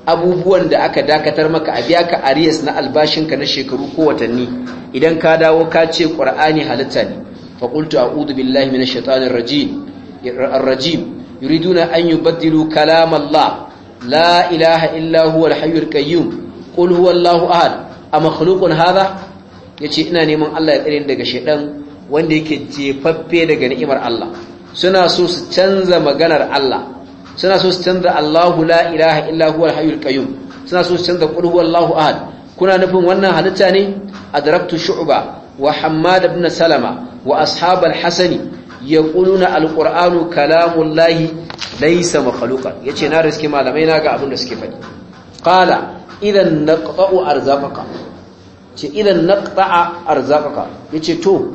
abubuwan da aka dakatar maka a biya ka ariyas na albashinka na shekaru ko watanni idan ka dawo ka ce ƙur'ani halitta ne fa qultu a'udhu billahi minash shaitanir rajim yuriduna an yubaddilu kalam Allah la ilaha illa huwa al qayyum qul huwallahu ahad a makhluqun hadha yace ina neman Allah ya tsare daga shaitan wanda yake jefaffe daga ni'imar Allah suna so su canza maganar Allah suna so su canza Allahu la ilaha illa huwa al-hayyul qayyum suna so su canza qul huwallahu ahad kuna nufin wannan halitta ne adraktu shu'ba wa hammad ibn salama wa ashab al-hasani yaquluna al-qur'anu kalamullahi laysa makhluqan yace na riske malamai na ga abin da suke faɗi qala idan naqta'u arzaqaka ce idan naqta'a arzaqaka yace to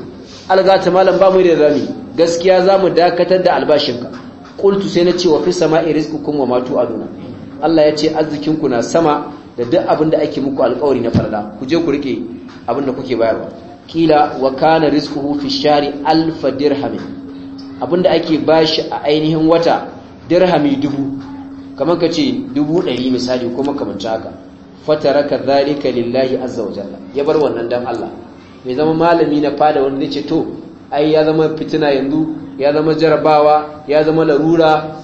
algata malam ba mu da rami gaskiya za mu dakatar da albashinka qultu sai na ce wa fi sama'i rizqukum wa ma tu'aduna Allah ya ce arzikinku na sama da duk abin da ake muku alƙawari na farda ku je ku rike abin da kuke bayarwa kila wa kana rizquhu fi shari alf dirhami. abin da ake bashi a ainihin wata dirhami dubu kamar ka ce dubu 100 misali kuma kamar haka fataraka zalika lillahi azza wa jalla ya bar wannan dan Allah mai zama malami na fada wanda ce to ai ya zama fitina yanzu ya zama jarabawa ya zama larura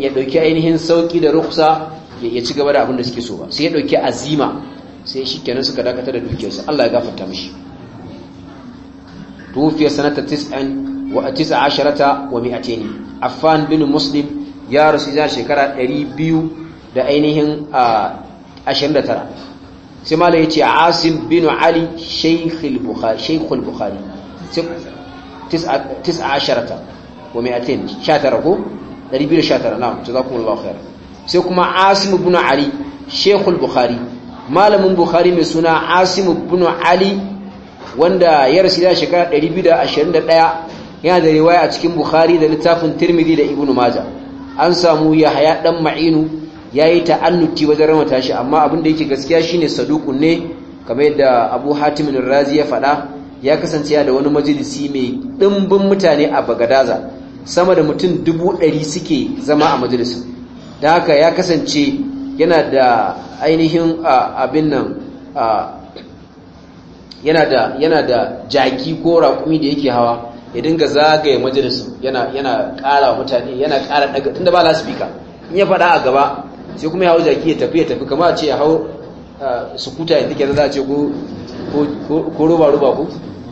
ya dauki ainihin sauki da ruksa ya ci gaba da abin da suke so ba sai ya dauki azima sai shi kenan suka dakatar da dukiyarsa Allah ya gafarta mishi توفي سنة تسع وتسع عشرة ومئتين عفان بن مسلم يا رسول الله شكرا أريبيو دا أينهن أشهر ترى sai malam ce asim bin ali shaykh al-bukhari tis a asharata wa wa 200 19 ko 219 na'am jazakumullahu khair sai kuma asim bin ali shaykh al-bukhari malamin bukhari mai suna asim bin ali wanda ya rasu da shekara 221 yana da riwaya a cikin bukhari da littafin tirmidhi da ibn majah an samu ya haya dan ma'inu Ya yi ta'annuti wajen ramata shi amma abinda yake gaskiya shi ne saduku ne kamar yadda Abu hatimin razi ya faɗa ya kasance da wani majalisi mai ɗimbin mutane a Bagadaza sama da mutum dubu ɗari suke zama a majalisun da haka ya kasance yana da ainihin abin nan yana da jaki ko raƙumi da yake hawa ya dinga zagaye majalisun yana yana ƙara mutane yana ƙara daga tunda ba lasfika in ya faɗa a gaba sai kuma ya hau jaki ya tafi ya tafi kama a ce ya hau sukuta yanzu kenan za a ce ko roba-roba ko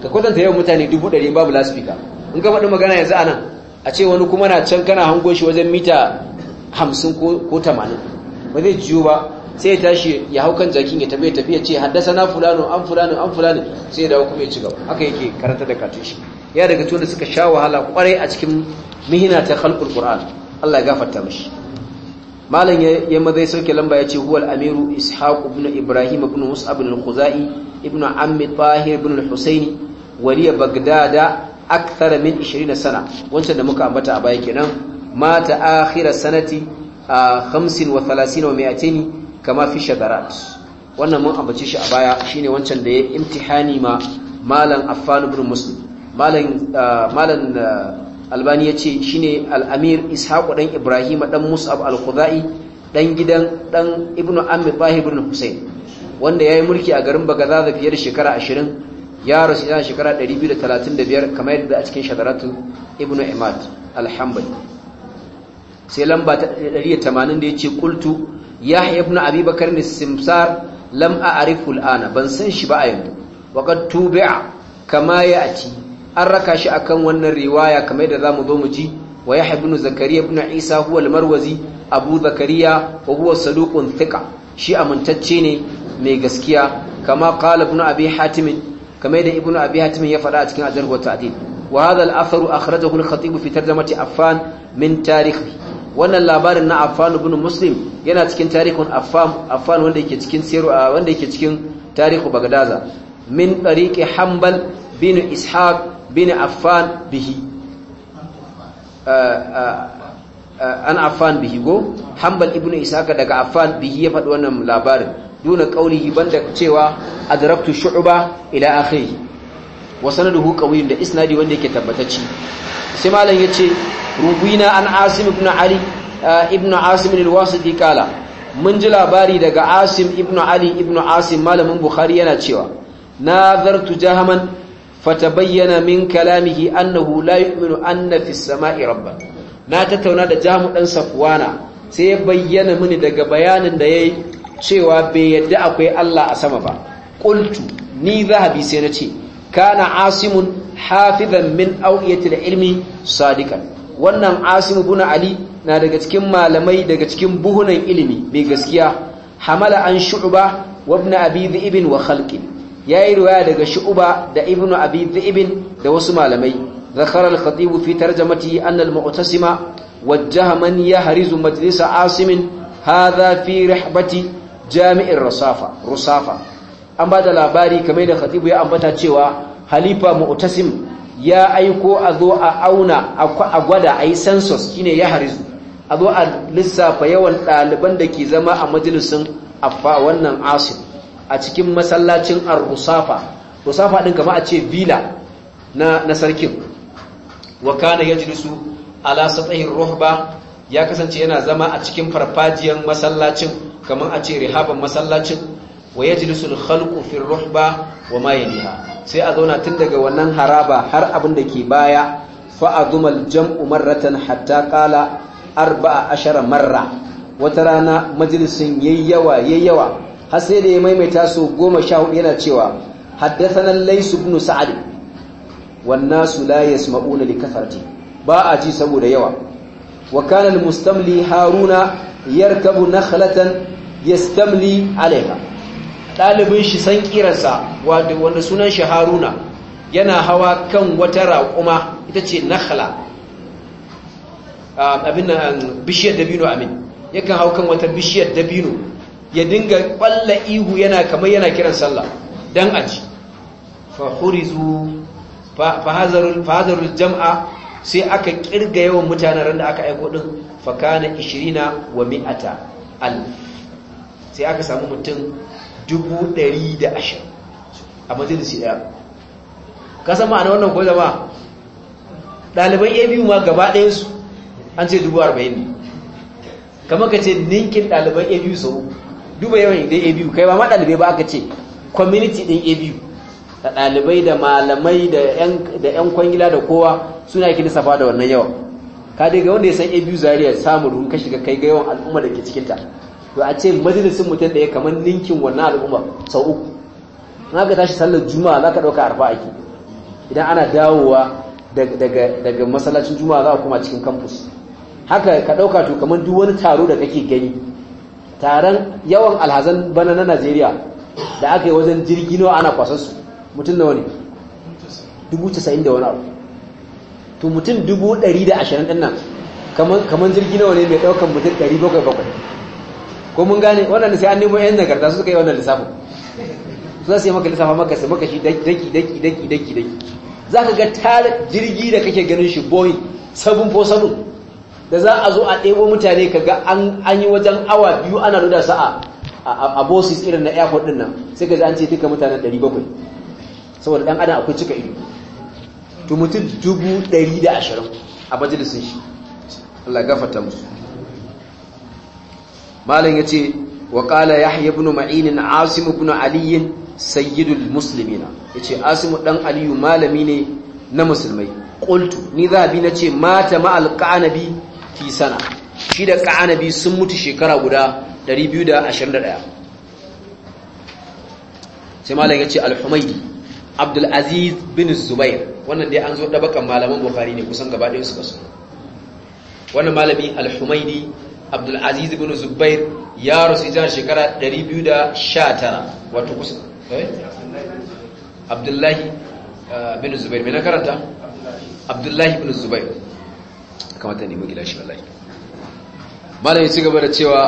ka kwatanta yawan mutane dubu ɗari babu laspika in ka faɗi magana yanzu za'a nan a ce wani kuma na can kana hango shi wajen mita hamsin ko tamanin ba zai jiyo ba sai ya tashi ya hau kan jakin ya tafi ya tafi ya ce haddasa na fulano an fulano an fulano sai ya dawo kuma ya ci gaba haka yake karanta da katun shi ya daga tun da suka sha wahala kwarai a cikin mihina ta halkul qur'an Allah ya gafarta mashi malam ya mazai sauke lamba ya ce huwal amiru ishaq ibn ibrahim ibn musa ibn al-khuzai ibn ammi tahir ibn al-husaini waliya bagdada akthar min 20 sana wancan da muka ambata a baya kenan mata akhir sanati 35 wa 200 kama fi shagarat wannan mun ambace shi a baya shine wancan da ya imtihani ma malam affan ibn muslim malam malam albani ya ce shi ne al'amir ishaku ɗan ibrahim ɗan musab al-khuzai ɗan gidan ɗan ibn amir bahi hussein wanda ya yi mulki a garin bagaza da fiye da shekara ashirin ya rasu yana shekara 235 kamar yadda a cikin shadaratu ibn imad al-hambal sai lamba ta 180 da ya ce kultu ya haifna abubakar ne simsar lam a ariful ana ban san shi ba a yanzu wakar tubi'a kama ya a ci an raka shi akan wannan riwaya kamar da zamu zo mu ji wa yahya ibn zakariya ibn isa huwa al-marwazi abu zakariya wa huwa saduqun thiqa shi amintacce ne mai gaskiya kama qala ibn abi hatim kamar ibn abi hatim ya faɗa a cikin ajarhu wa ta'dil wa hadha al-athar akhrajahu al-khatib fi tarjamati affan min tarihi wannan labarin na Affan ibn Muslim yana cikin tarihin Affan Affan wanda yake cikin siru wanda yake cikin tarihu Bagdaza min tariqi Hanbal bin Ishaq bin affan bihi uh, uh, uh, an affan bihi go hanbal ibn isaka daga affan bihi ya faɗi wannan labarin duna qaulihi banda cewa adrabtu shu'ba ila akhihi wa sanaduhu qawiyyun da isnadi wanda yake tabbatacci sai malam yace rubina an asim ibn ali ibn asim al-wasiti kala mun ji labari daga asim ibn ali ibn asim malamin bukhari yana cewa nazartu jahaman fatabayyana min kalamihi annahu la yu'minu anna fis sama'i rabban na tattauna da Jamu dan Safwana sai ya bayyana mini daga bayanin da yayi cewa bai yadda akwai Allah a sama ba qultu ni zahabi sai na ce kana asimun hafizan min awiyati ilmi sadika? wannan asimu buna ali na daga cikin malamai daga cikin buhunan ilimi mai gaskiya hamala an shu'ba wa ibn abi ibn wa khalqin ya yi riwaya daga shu'uba da ibn abi dhi'bin da wasu malamai zakara al-khatib fi tarjamati anna al-mu'tasima wajjaha man yahrizu majlis asim hadha fi rihbati rasafa rusafa an ba da labari kamar da khatib ya ambata cewa halifa mu'tasim ya aiko a a auna a gwada ai yi census shine ya harizu a a lissafa yawan ɗaliban da ke zama a majalisun afa wannan asim a cikin masallacin ar-rusafa rusafa din kama a ce villa na na sarkin wa kana yajlisu ala satahir ruhba ya kasance yana zama a cikin farfajiyan masallacin kamar a ce rihaban masallacin wa yajlisu al-khalqu fi ruhba wa ma yaliha sai a zauna tun daga wannan haraba har abin da ke baya fa azuma jamu marratan hatta qala arba'a ashara marra wata rana majalisin yayyawa yayyawa har sai da ya maimaita su goma sha hudu yana cewa haddasa lays ibn sa'ad wan nasu la yasma'una li kathrati ba a ji saboda yawa wa kana al mustamli haruna yarkabu nakhlatan yastamli alaiha dalibin shi san kirarsa wato wanda sunan shi haruna yana hawa kan wata raƙuma ita ce nakhla ah, abin bishiyar dabino amin yakan hau kan wata bishiyar dabino ya dinga balla ihu yana kamar yana kiran sallah dan a ji. fahurizu fa hazarul jam'a sai aka kirga yawan mutanen ran da aka aiko din fa kana 20 wa mi'ata alf sai aka samu mutum 120 a majalisi daya ka san ma'ana wannan ko jama'a daliban ABU ma gaba ɗayan su an ce 40 ne kamar ka ce ninkin daliban ABU sau duba yawan ɗin abu kai ba ma ɗalibai ba aka ce community ɗin abu da ɗalibai da malamai da 'yan kwangila da kowa suna yake lissafa da wannan yawan ka dai ga wanda ya san abu zaria samun ruhun ka shiga kai ga yawan al'umma da ke cikinta to a ce majalisin mutum ɗaya kamar ninkin wannan al'umma sau uku in aka tashi sallar juma'a za ka ɗauka arfa ake idan ana dawowa daga masallacin juma'a za a kuma cikin campus haka ka ɗauka to kamar duk wani taro da kake gani taron yawan alhazan bana na najeriya da aka yi wajen jirgi ana kwasansu mutum nawa wani dubu da wani abu to mutum dubu din nan kamar jirgin nawa ne mai ɗaukan mutum ɗari ko mun gane waɗanda sai an nemo yan nagarta su suka yi wannan lissafin su za su yi maka lissafa maka su maka shi daki daki daki daki daki za ka ga tarin jirgi da kake ganin shi boeing 747 da za a zo a ɗebo mutane ka ga an yi wajen awa biyu ana ruda sa a bosis irin na airport ɗin nan sai ka ji an ce duka mutanen 700 saboda ɗan adam akwai cika ido to mutum 120 a majalisun shi Allah gafata musu malam yace wa qala yahya ibn ma'in asimu ibn aliyin sayyidul Ya ce Asimu dan aliyu malami ne na musulmai ƙultu ni za bi na ce mata ma fi sana shi da ƙa'anabi sun mutu shekara guda 221 sai malam ya ce al abdulaziz bin zubair wannan dai an zo ɗabakan malaman buhari ne kusan gaba ɗaya su basu wannan malami al abdulaziz bin zubair ya rasu jihar shekara 219 wato kusan eh? abdullahi eh, bin zubair mai na karanta abdullahi bin zubair kamata nemi gilashi wallahi malami ya ci gaba da cewa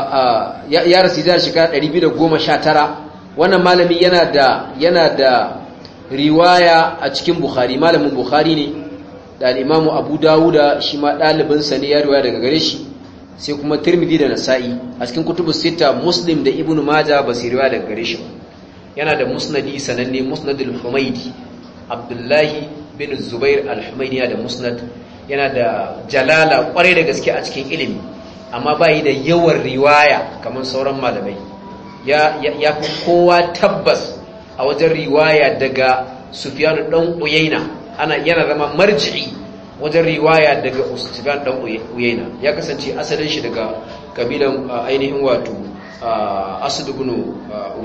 ya rasu goma sha 219 wannan malami yana da yana da riwaya a cikin bukhari malamin bukhari ne da al'imamu abu dawuda shi ma ɗalibinsa ne ya riwaya daga gare shi sai kuma turmidi da nasa'i a cikin kutubu sita muslim da Ibn maja ba su riwaya daga gare shi yana da musnadi sananne musnadul humaidi abdullahi bin zubair al-humaidi da musnad yana da jalala kwarai da gaske a cikin ilimi amma bayi da yawan riwaya kamar sauran malamai ya fi kowa tabbas a wajen riwaya daga sufiyanu ɗan uyaina ana yana zama marji'i wajen riwaya daga sufiyanu dan uyaina ya kasance asalin shi daga kabilan uh, ainihin wato uh, asad ibn uh,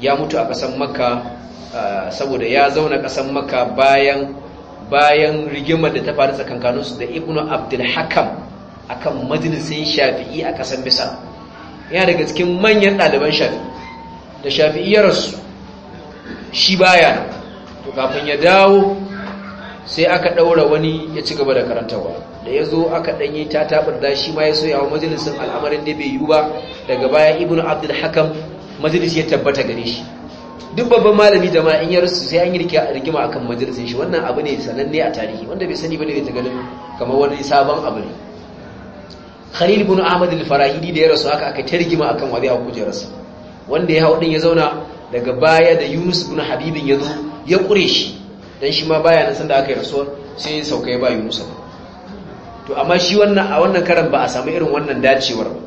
ya mutu a kasan maka saboda ya zauna kasan makka bayan bayan rigimar da ta faru tsakankaninsu da ibnu abdul hakam akan majalisin shafi'i a ƙasar bisa yana daga cikin manyan ɗaliban shafi'i da shafi'i ya rasu shi baya to kafin ya dawo sai aka ɗaura wani ya ci gaba da karantawa, da ya zo aka ɗanyi ta taɓar da shi ma ya so yawon majalisin al'amarin da bai yi ba daga baya ibnu abdul hakam majalis ya tabbata gare shi duk babban malami jama'a in ya sai an yi rigima akan majalisin shi wannan abu ne sananne a tarihi wanda bai sani bane bai ta ganin kamar wani sabon abu ne Khalil ibn Ahmad al-Farahidi da ya rasu aka aka ta rigima akan wani a kujerarsa wanda ya hawo ya zauna daga baya da Yunus ibn Habibin ya zo ya kure shi dan shi ma baya nan sanda aka yi rasuwa sai ya sauka ya ba Yunus to amma shi wannan a wannan karan ba a samu irin wannan dacewar ba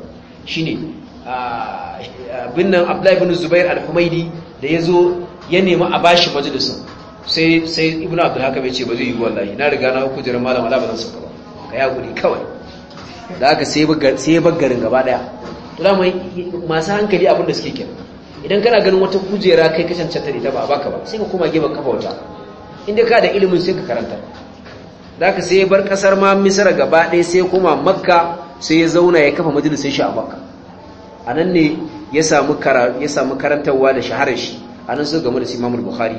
shine abin nan abdullahi ibn Zubair al-Humaidi da ya zo ya nemi a bashi majalisun sai sai ibn abdul haka bai ce ba zai yi wallahi na riga na kujerar malam ala ba zan saka ba ka ya guri kawai da haka sai ya garin gaba daya to da masu hankali abin da suke kenan idan kana ganin wata kujera kai ka cancanta ne ta ba baka ba sai ka koma gefen kafa wata inda ka da ilimin sai ka karanta da haka sai ya bar kasar ma misar gaba daya sai ya koma makka sai ya zauna ya kafa majalisun shi a makka a nan ne ya samu karantarwa da shaharar shi anan so game da Imam Bukhari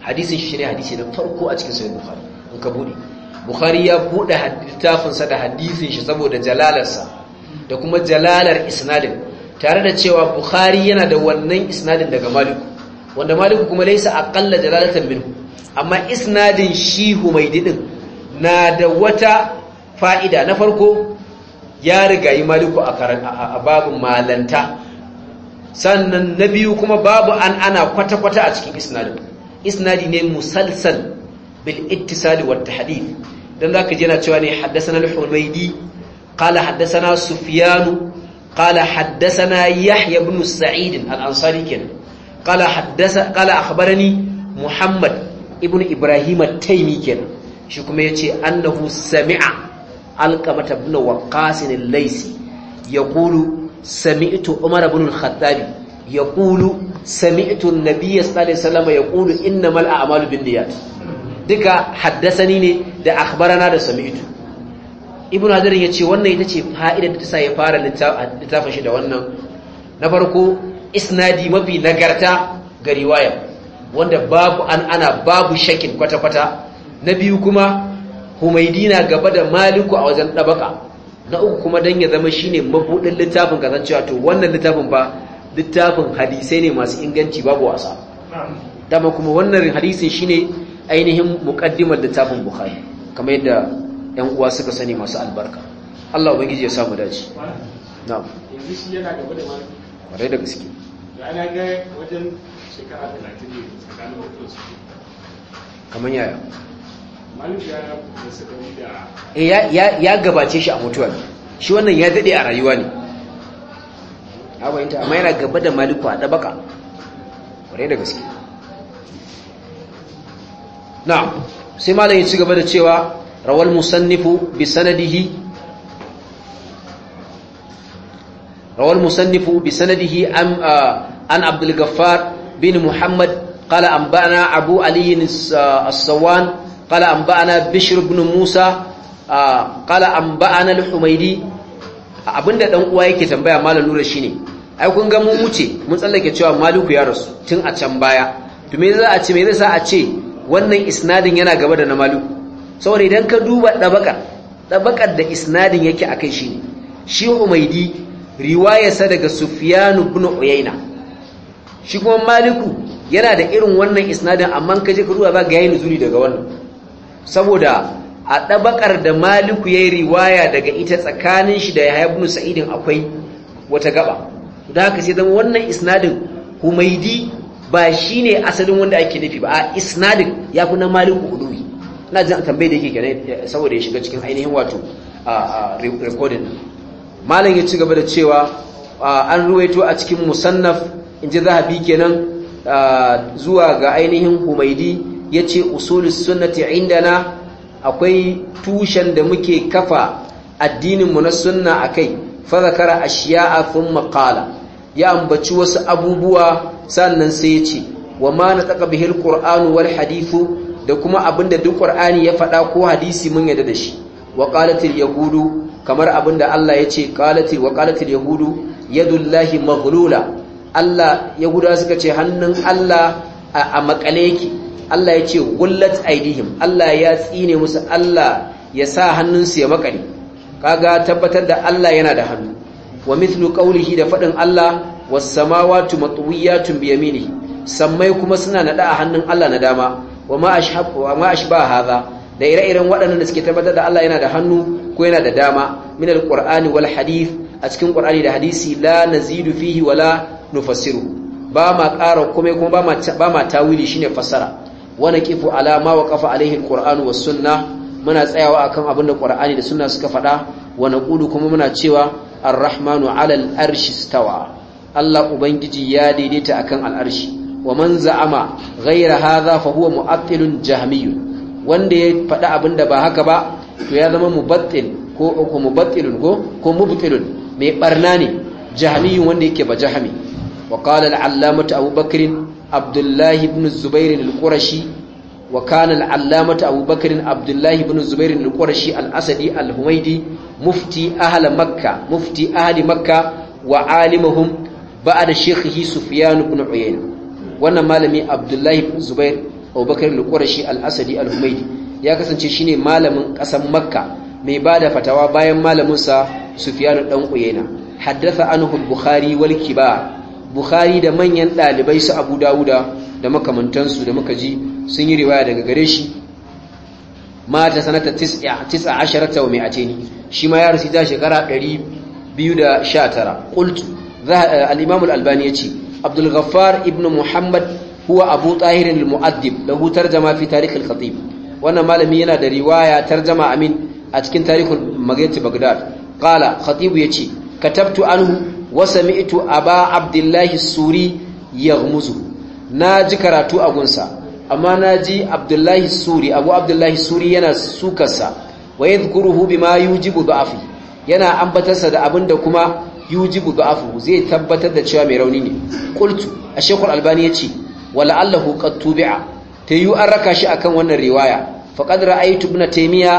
hadisin shi ne hadisi na farko a cikin sayar Bukhari in ka buɗe Bukhari ya buɗe littafinsa da hadisin shi saboda jalalarsa da kuma jalalar isnadin tare da cewa Bukhari yana da wannan isnadin daga maliku, wanda maliku kuma laysa aqalla jalalatan minhu amma isnadin shi humaididin na da wata fa'ida na farko ya rigayi maliku a babu malanta sannan na biyu kuma babu an ana kwata-kwata a cikin isnadi isnadi ne musalsal bil ittisali wa tahdith dan zaka ji yana cewa ne haddathana al-humaydi kala hadasana Sufiyanu, kala haddathana yahya binu sa'id al'ansari ansari kala akhbarani muhammad ibn ibrahim at-taymi shi kuma yace annahu sami'a alqamata ibn waqqas ya kulu yaqulu sami'tu umar ya kulu khattabi yaqulu sami'tu an-nabiy ya kulu wasallam yaqulu innamal a'malu binniyat duka ni ne da akbarana da sami'tu ibn ya ce, wannan ita ce fa'idar da ta sa ya fara littafin shi da wannan na farko isnadi mafi nagarta ga riwaya wanda babu an ana babu shakin kwata-kwata na biyu kuma humaidi na gaba da maliku a wajen ɗabaka na uku kuma don ya zama shi ne mabuɗin littafin kazan cewa to wannan littafin ba littafin hadisai ne masu inganci babu wasa dama kuma wannan hadisin ne ainihin muƙaddimar littafin bukhari kamar yadda yan uwa suka sani masu albarka Allah ubangiji ya samu daji Eh, ya gabace shi a mutuwa shi wannan ya daɗe a rayuwa ne ta, amma yana gaba da maliku a ɗabaka ƙwarai da gaske na sai malam ya ci gaba da cewa rawar musannifu bi sanadihi rawar musannifu bi sanadihi an abdulgaffar bin muhammad an ba'ana abu علي الصوان قال أنبأنا بشر بن موسى قال أنبأنا الحميدي abinda dan uwa yake tambaya malam shi shine ai kun ga mun wuce mun tsallake cewa maliku ya rasu tun a can baya to me za a ce me sa a ce wannan isnadin yana gaba da na maliku saboda idan ka duba dabakar dabakar da isnadin yake akai shine shi umaydi riwayarsa daga Sufiyanu ibn uyayna shi kuma maliku yana da irin wannan isnadin amma ka je ka duba ba ga yayin zuri daga wannan saboda a ɗabakar da maliku ya yi riwaya daga ita tsakanin shi da ya haifu sa'idin akwai wata gaba da haka sai zama wannan isnadin humaidi ba shi ne asalin wanda ake nufi ba a isnadin ya fi na maliku hudubi na jin tambayi da yake gane saboda ya shiga cikin ainihin wato a rikodin malam ya ci gaba da cewa an ruwaito a cikin musannaf in ji zahabi kenan zuwa ga ainihin humaidi Ya yace usulus sunnati indana akwai tushen da muke kafa addinin mu na sunna akai fa zakara a thumma makala ya ambaci wasu abubuwa sannan sai ya ce. wa ma nataqa bihil qur'anu wal hadithu da kuma abinda duk ƙur'ani ya faɗa ko hadisi mun yadda da shi wa ya gudu kamar abinda Allah yace ƙalatir wa ya yahudu yadullahi maglula. Allah ya yahuda suka ce hannun Allah a makale yake Allah ya ce gullat aidihim Allah ya tsine musu Allah ya sa hannunsu ya makare kaga tabbatar da Allah yana da hannu wa mithlu qawlihi da fadin Allah was samawati matwiyatun bi yaminihi sammai kuma suna nada a hannun Allah na dama wa ma ashhab wa ma ashba hadha da ire-iren waɗannan da suke tabbatar da Allah yana da hannu ko yana da dama min alqur'ani wal hadith a cikin qur'ani da hadisi la nazidu fihi wala nufassiru ba ma ƙara kuma kuma ba ma tawili shine fassara wani kifu alama wa kafa alaihi alqur'anu wa suna muna tsayawa akan abinda ƙur'ani da suna suka faɗa wa naqulu kuma muna cewa arrahmanu alal arshi stawa Allah ubangiji ya daidaita akan al'arshi wa man za'ama ghayra hadha fa huwa mu'attilun jahmiyun wanda ya faɗa abinda ba haka ba to ya zama mubattil ko ko mubattilun ko ko mubtilun mai barna ne jahmiyun wanda yake ba jahmi wa qala al-allamatu abubakrin abdullahi ibn zubair al-qurashi wa kana abubakar mufti ahli makka mufti ahli makka wa alimuhum ba'da shaykhihi sufyan ibn uyayna wannan malami abdullahi ibn zubair abubakar al-qurashi al-asadi al-humaydi ya kasance shine malamin kasan makka mai da fatawa bayan malamin sa sufyan dan uyayna haddasa anhu al-bukhari bukhari da manyan ɗalibai su abu dawuda da makamantansu da muka ji sun yi riwaya daga gare shi mata sanata 19 wa mi'atini shi ma ya rusi ta shekara 219 qultu eh, al-imam al-albani yace ce. ghaffar ibn muhammad huwa abu tahir al-mu'addib lahu tarjama fi tarikh khatib wannan malami yana da riwaya tarjama amin a cikin tarikh al bagdad kala qala ya ce katabtu anhu wasamitu sami'tu aba abdullahi suri yaghmuzu na ji karatu a gunsa amma na ji abdullahi suri abu abdullahi suri yana sukarsa wa yadhkuruhu bima yujibu da'afi yana ambatarsa da abinda kuma yujibu da'afu zai tabbatar da cewa mai rauni ne qultu a shaykh albani yace wala allahu qad tubi'a tayu an raka shi akan wannan riwaya faqad ra'aytu ibn taymiya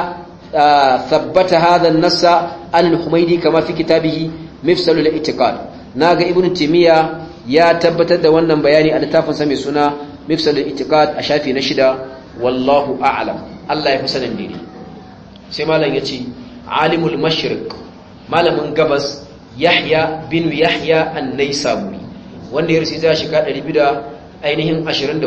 ah, thabbata hadha an-nassa al-humaydi kama fi kitabihi mifsalul itiqad naga ibnu timiya ya tabbatar da wannan bayani a littafin sa mai suna mifsalul itiqad a shafi na shida wallahu a'lam Allah ya fi sanin dini sai malam yace alimul mashriq malamin gabas yahya bin yahya an-naisaburi wanda ya rasu ya shiga 200 ainihin 24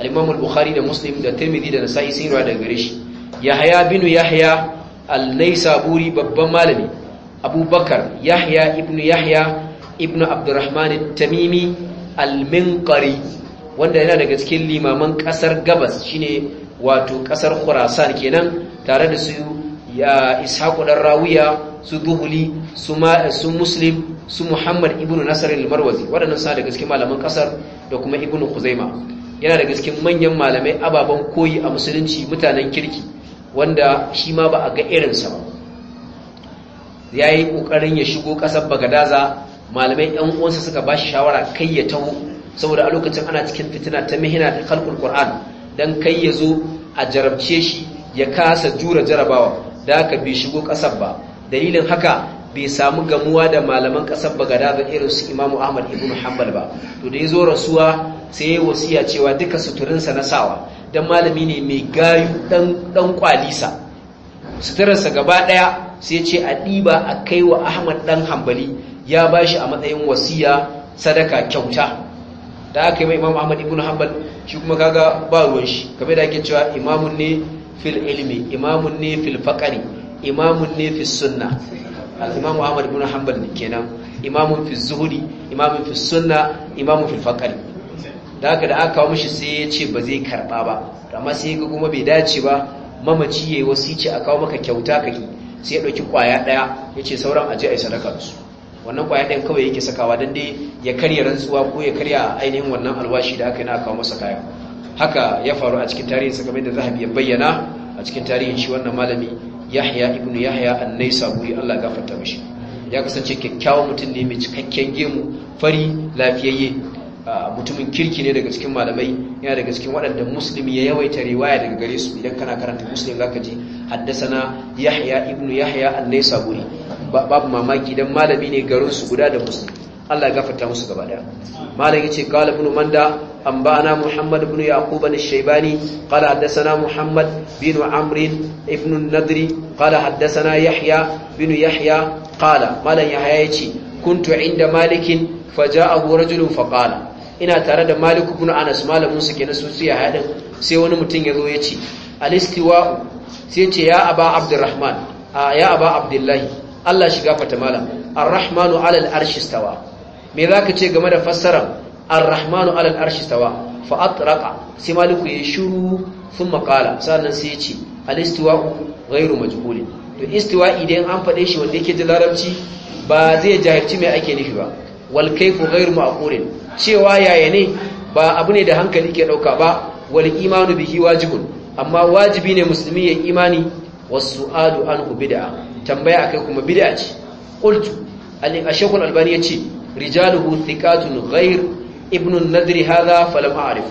al-Imam al-Bukhari da Muslim da Tirmidhi da Nasa'i sun da daga gare shi Yahya bin Yahya al-Naisaburi babban malami abubakar yahya ibn yahya ibn abdurrahman tamimi al-minqari wanda yana daga cikin limaman kasar gabas shine wato kasar khurasan kenan tare da su ya ishaqu dan rawiya su duhuli su su muslim su muhammad ibn nasr al-marwazi waɗannan sa daga cikin malaman kasar da kuma ibn khuzaima yana daga cikin manyan malamai ababan koyi a musulunci mutanen kirki wanda shi ma ba a ga irin sa ba ya yi ƙoƙarin ya shigo ƙasar bagadaza malamai ɗan uwansa suka ba shi shawara kai ya taho saboda a lokacin ana cikin fitina ta mihina da kalkul qur'an don kai ya zo a jarabce shi ya kasa jura jarabawa da aka bai shigo ƙasar ba dalilin haka bai samu gamuwa da malaman ƙasar bagada ga irin su imamu ahmad ibn hanbal ba to da ya zo rasuwa sai ya yi wasiya cewa duka suturinsa na sawa don malami ne mai gayu ɗan kwalisa suturarsa gaba ɗaya. sai ce a ɗiba a kai wa ahmad ɗan hambali ya ba shi a matsayin wasiya sadaka kyauta da aka yi mai imam ahmad ibn hambal shi kuma kaga ba ruwan shi kamar da ake cewa imamun ne fil ilmi imamun ne fil faƙari imamun ne fil sunna al-imam ahmad ibn hambal ne kenan imamun fil zuhuri imamun fil sunna imamun fil faƙari da aka da aka kawo mishi sai ya ce ba zai karɓa ba amma sai ga kuma bai dace ba mamaci yayi ce a kawo maka kyauta kake sai ya ɗauki ƙwaya ɗaya ya ce sauran aje a yi sadaka da su wannan ƙwaya ɗayan kawai yake sakawa don dai ya karya rantsuwa ko ya karya ainihin wannan alwashi da aka yi na kawo masa kaya haka ya faru a cikin tarihin sa kamar da a ya bayyana a cikin tarihin shi wannan malami yahya ibnu yahya an-naisaburi Allah gafarta mashi ya kasance kyakkyawan mutum ne mai cikakken gemu fari lafiyayye mutumin kirki ne daga cikin malamai yana daga cikin waɗanda musulmi ya yawaita riwaya daga gare su idan kana karanta za zaka ji haddasana yahya ibnu yahya an-naisaburi babu mamaki dan malami ne garin su guda da musulmi. Allah ya gafarta musu gaba daya malami yace qala ibn manda anba'ana muhammad ibn yaqub an-shaybani qala haddasana muhammad bin amr ibn an-nadri qala haddathana yahya bin yahya qala malam yahya yace kuntu inda malikin faja'ahu rajulun faqala ina tare da maliku ibn Anas malamin su kenan su ya hadin sai wani mutum ya zo ya ce alistiwa'u sai ce ya aba abdurrahman ya aba abdullahi Allah shiga fata malam, arrahmanu alal arshi stawa me zaka ce game da fassara arrahmanu alal arshi stawa fa atraqa sai maliku ya shiru thumma qala sannan sai ya ce alistiwa'u ghairu majhulin to istiwa'i idan an fade shi wanda yake da larabci ba zai jahilci me ake nufi ba wal gairmu a ma'qulin cewa yaya ne ba abu ne da hankali ke ɗauka ba wal imanu bihi wajibun amma wajibi ne musulmi ya imani an anhu bid'a tambaya akai kuma bid'a ce qultu al a albani yace rijaluhu thiqatun gair, ibn nadri hada hadha falam a'rif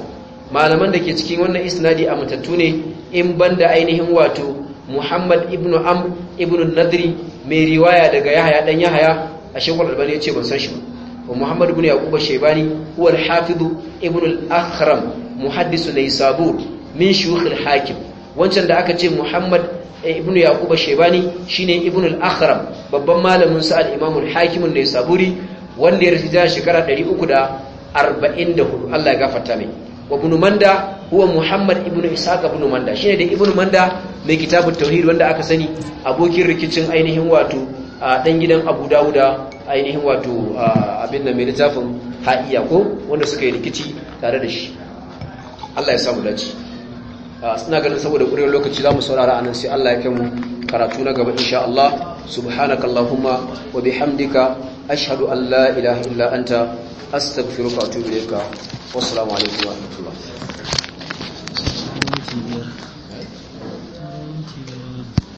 malaman da ke cikin wannan isnadi amintattu ne in banda ainihin wato Muhammad ibn Amr ibn nadri, mai riwaya daga yahaya dan yahaya a albani albani yace ban san shi ba wa Muhammadu bin yaqub shaybani huwa al-hafiz ibn al-akhram muhaddis naysabur min shuyukh hakim wancan da aka ce muhammad ibn yaqub shaybani shine ibn al-akhram babban malamin sa al-imam al-hakim naysaburi wanda ya rijiya shekara 344 Allah ya gafarta mai wa ibn manda huwa muhammad ibn ishaq ibn manda shine da ibn manda mai kitabut tauhid wanda aka sani abokin rikicin ainihin wato dan gidan abu dauda ainihin wato abin da mai littafin ha'iya ko wanda suka yi rikici tare da shi Allah ya samu dace suna ganin saboda ƙuriyar lokaci za mu saurara a nan sai Allah ya kai mu karatu na gaba insha Allah subhanaka allahumma wa bihamdika ashhadu an la ilaha illa anta astaghfiruka wa atubu ilayka wassalamu alaikum wa rahmatullah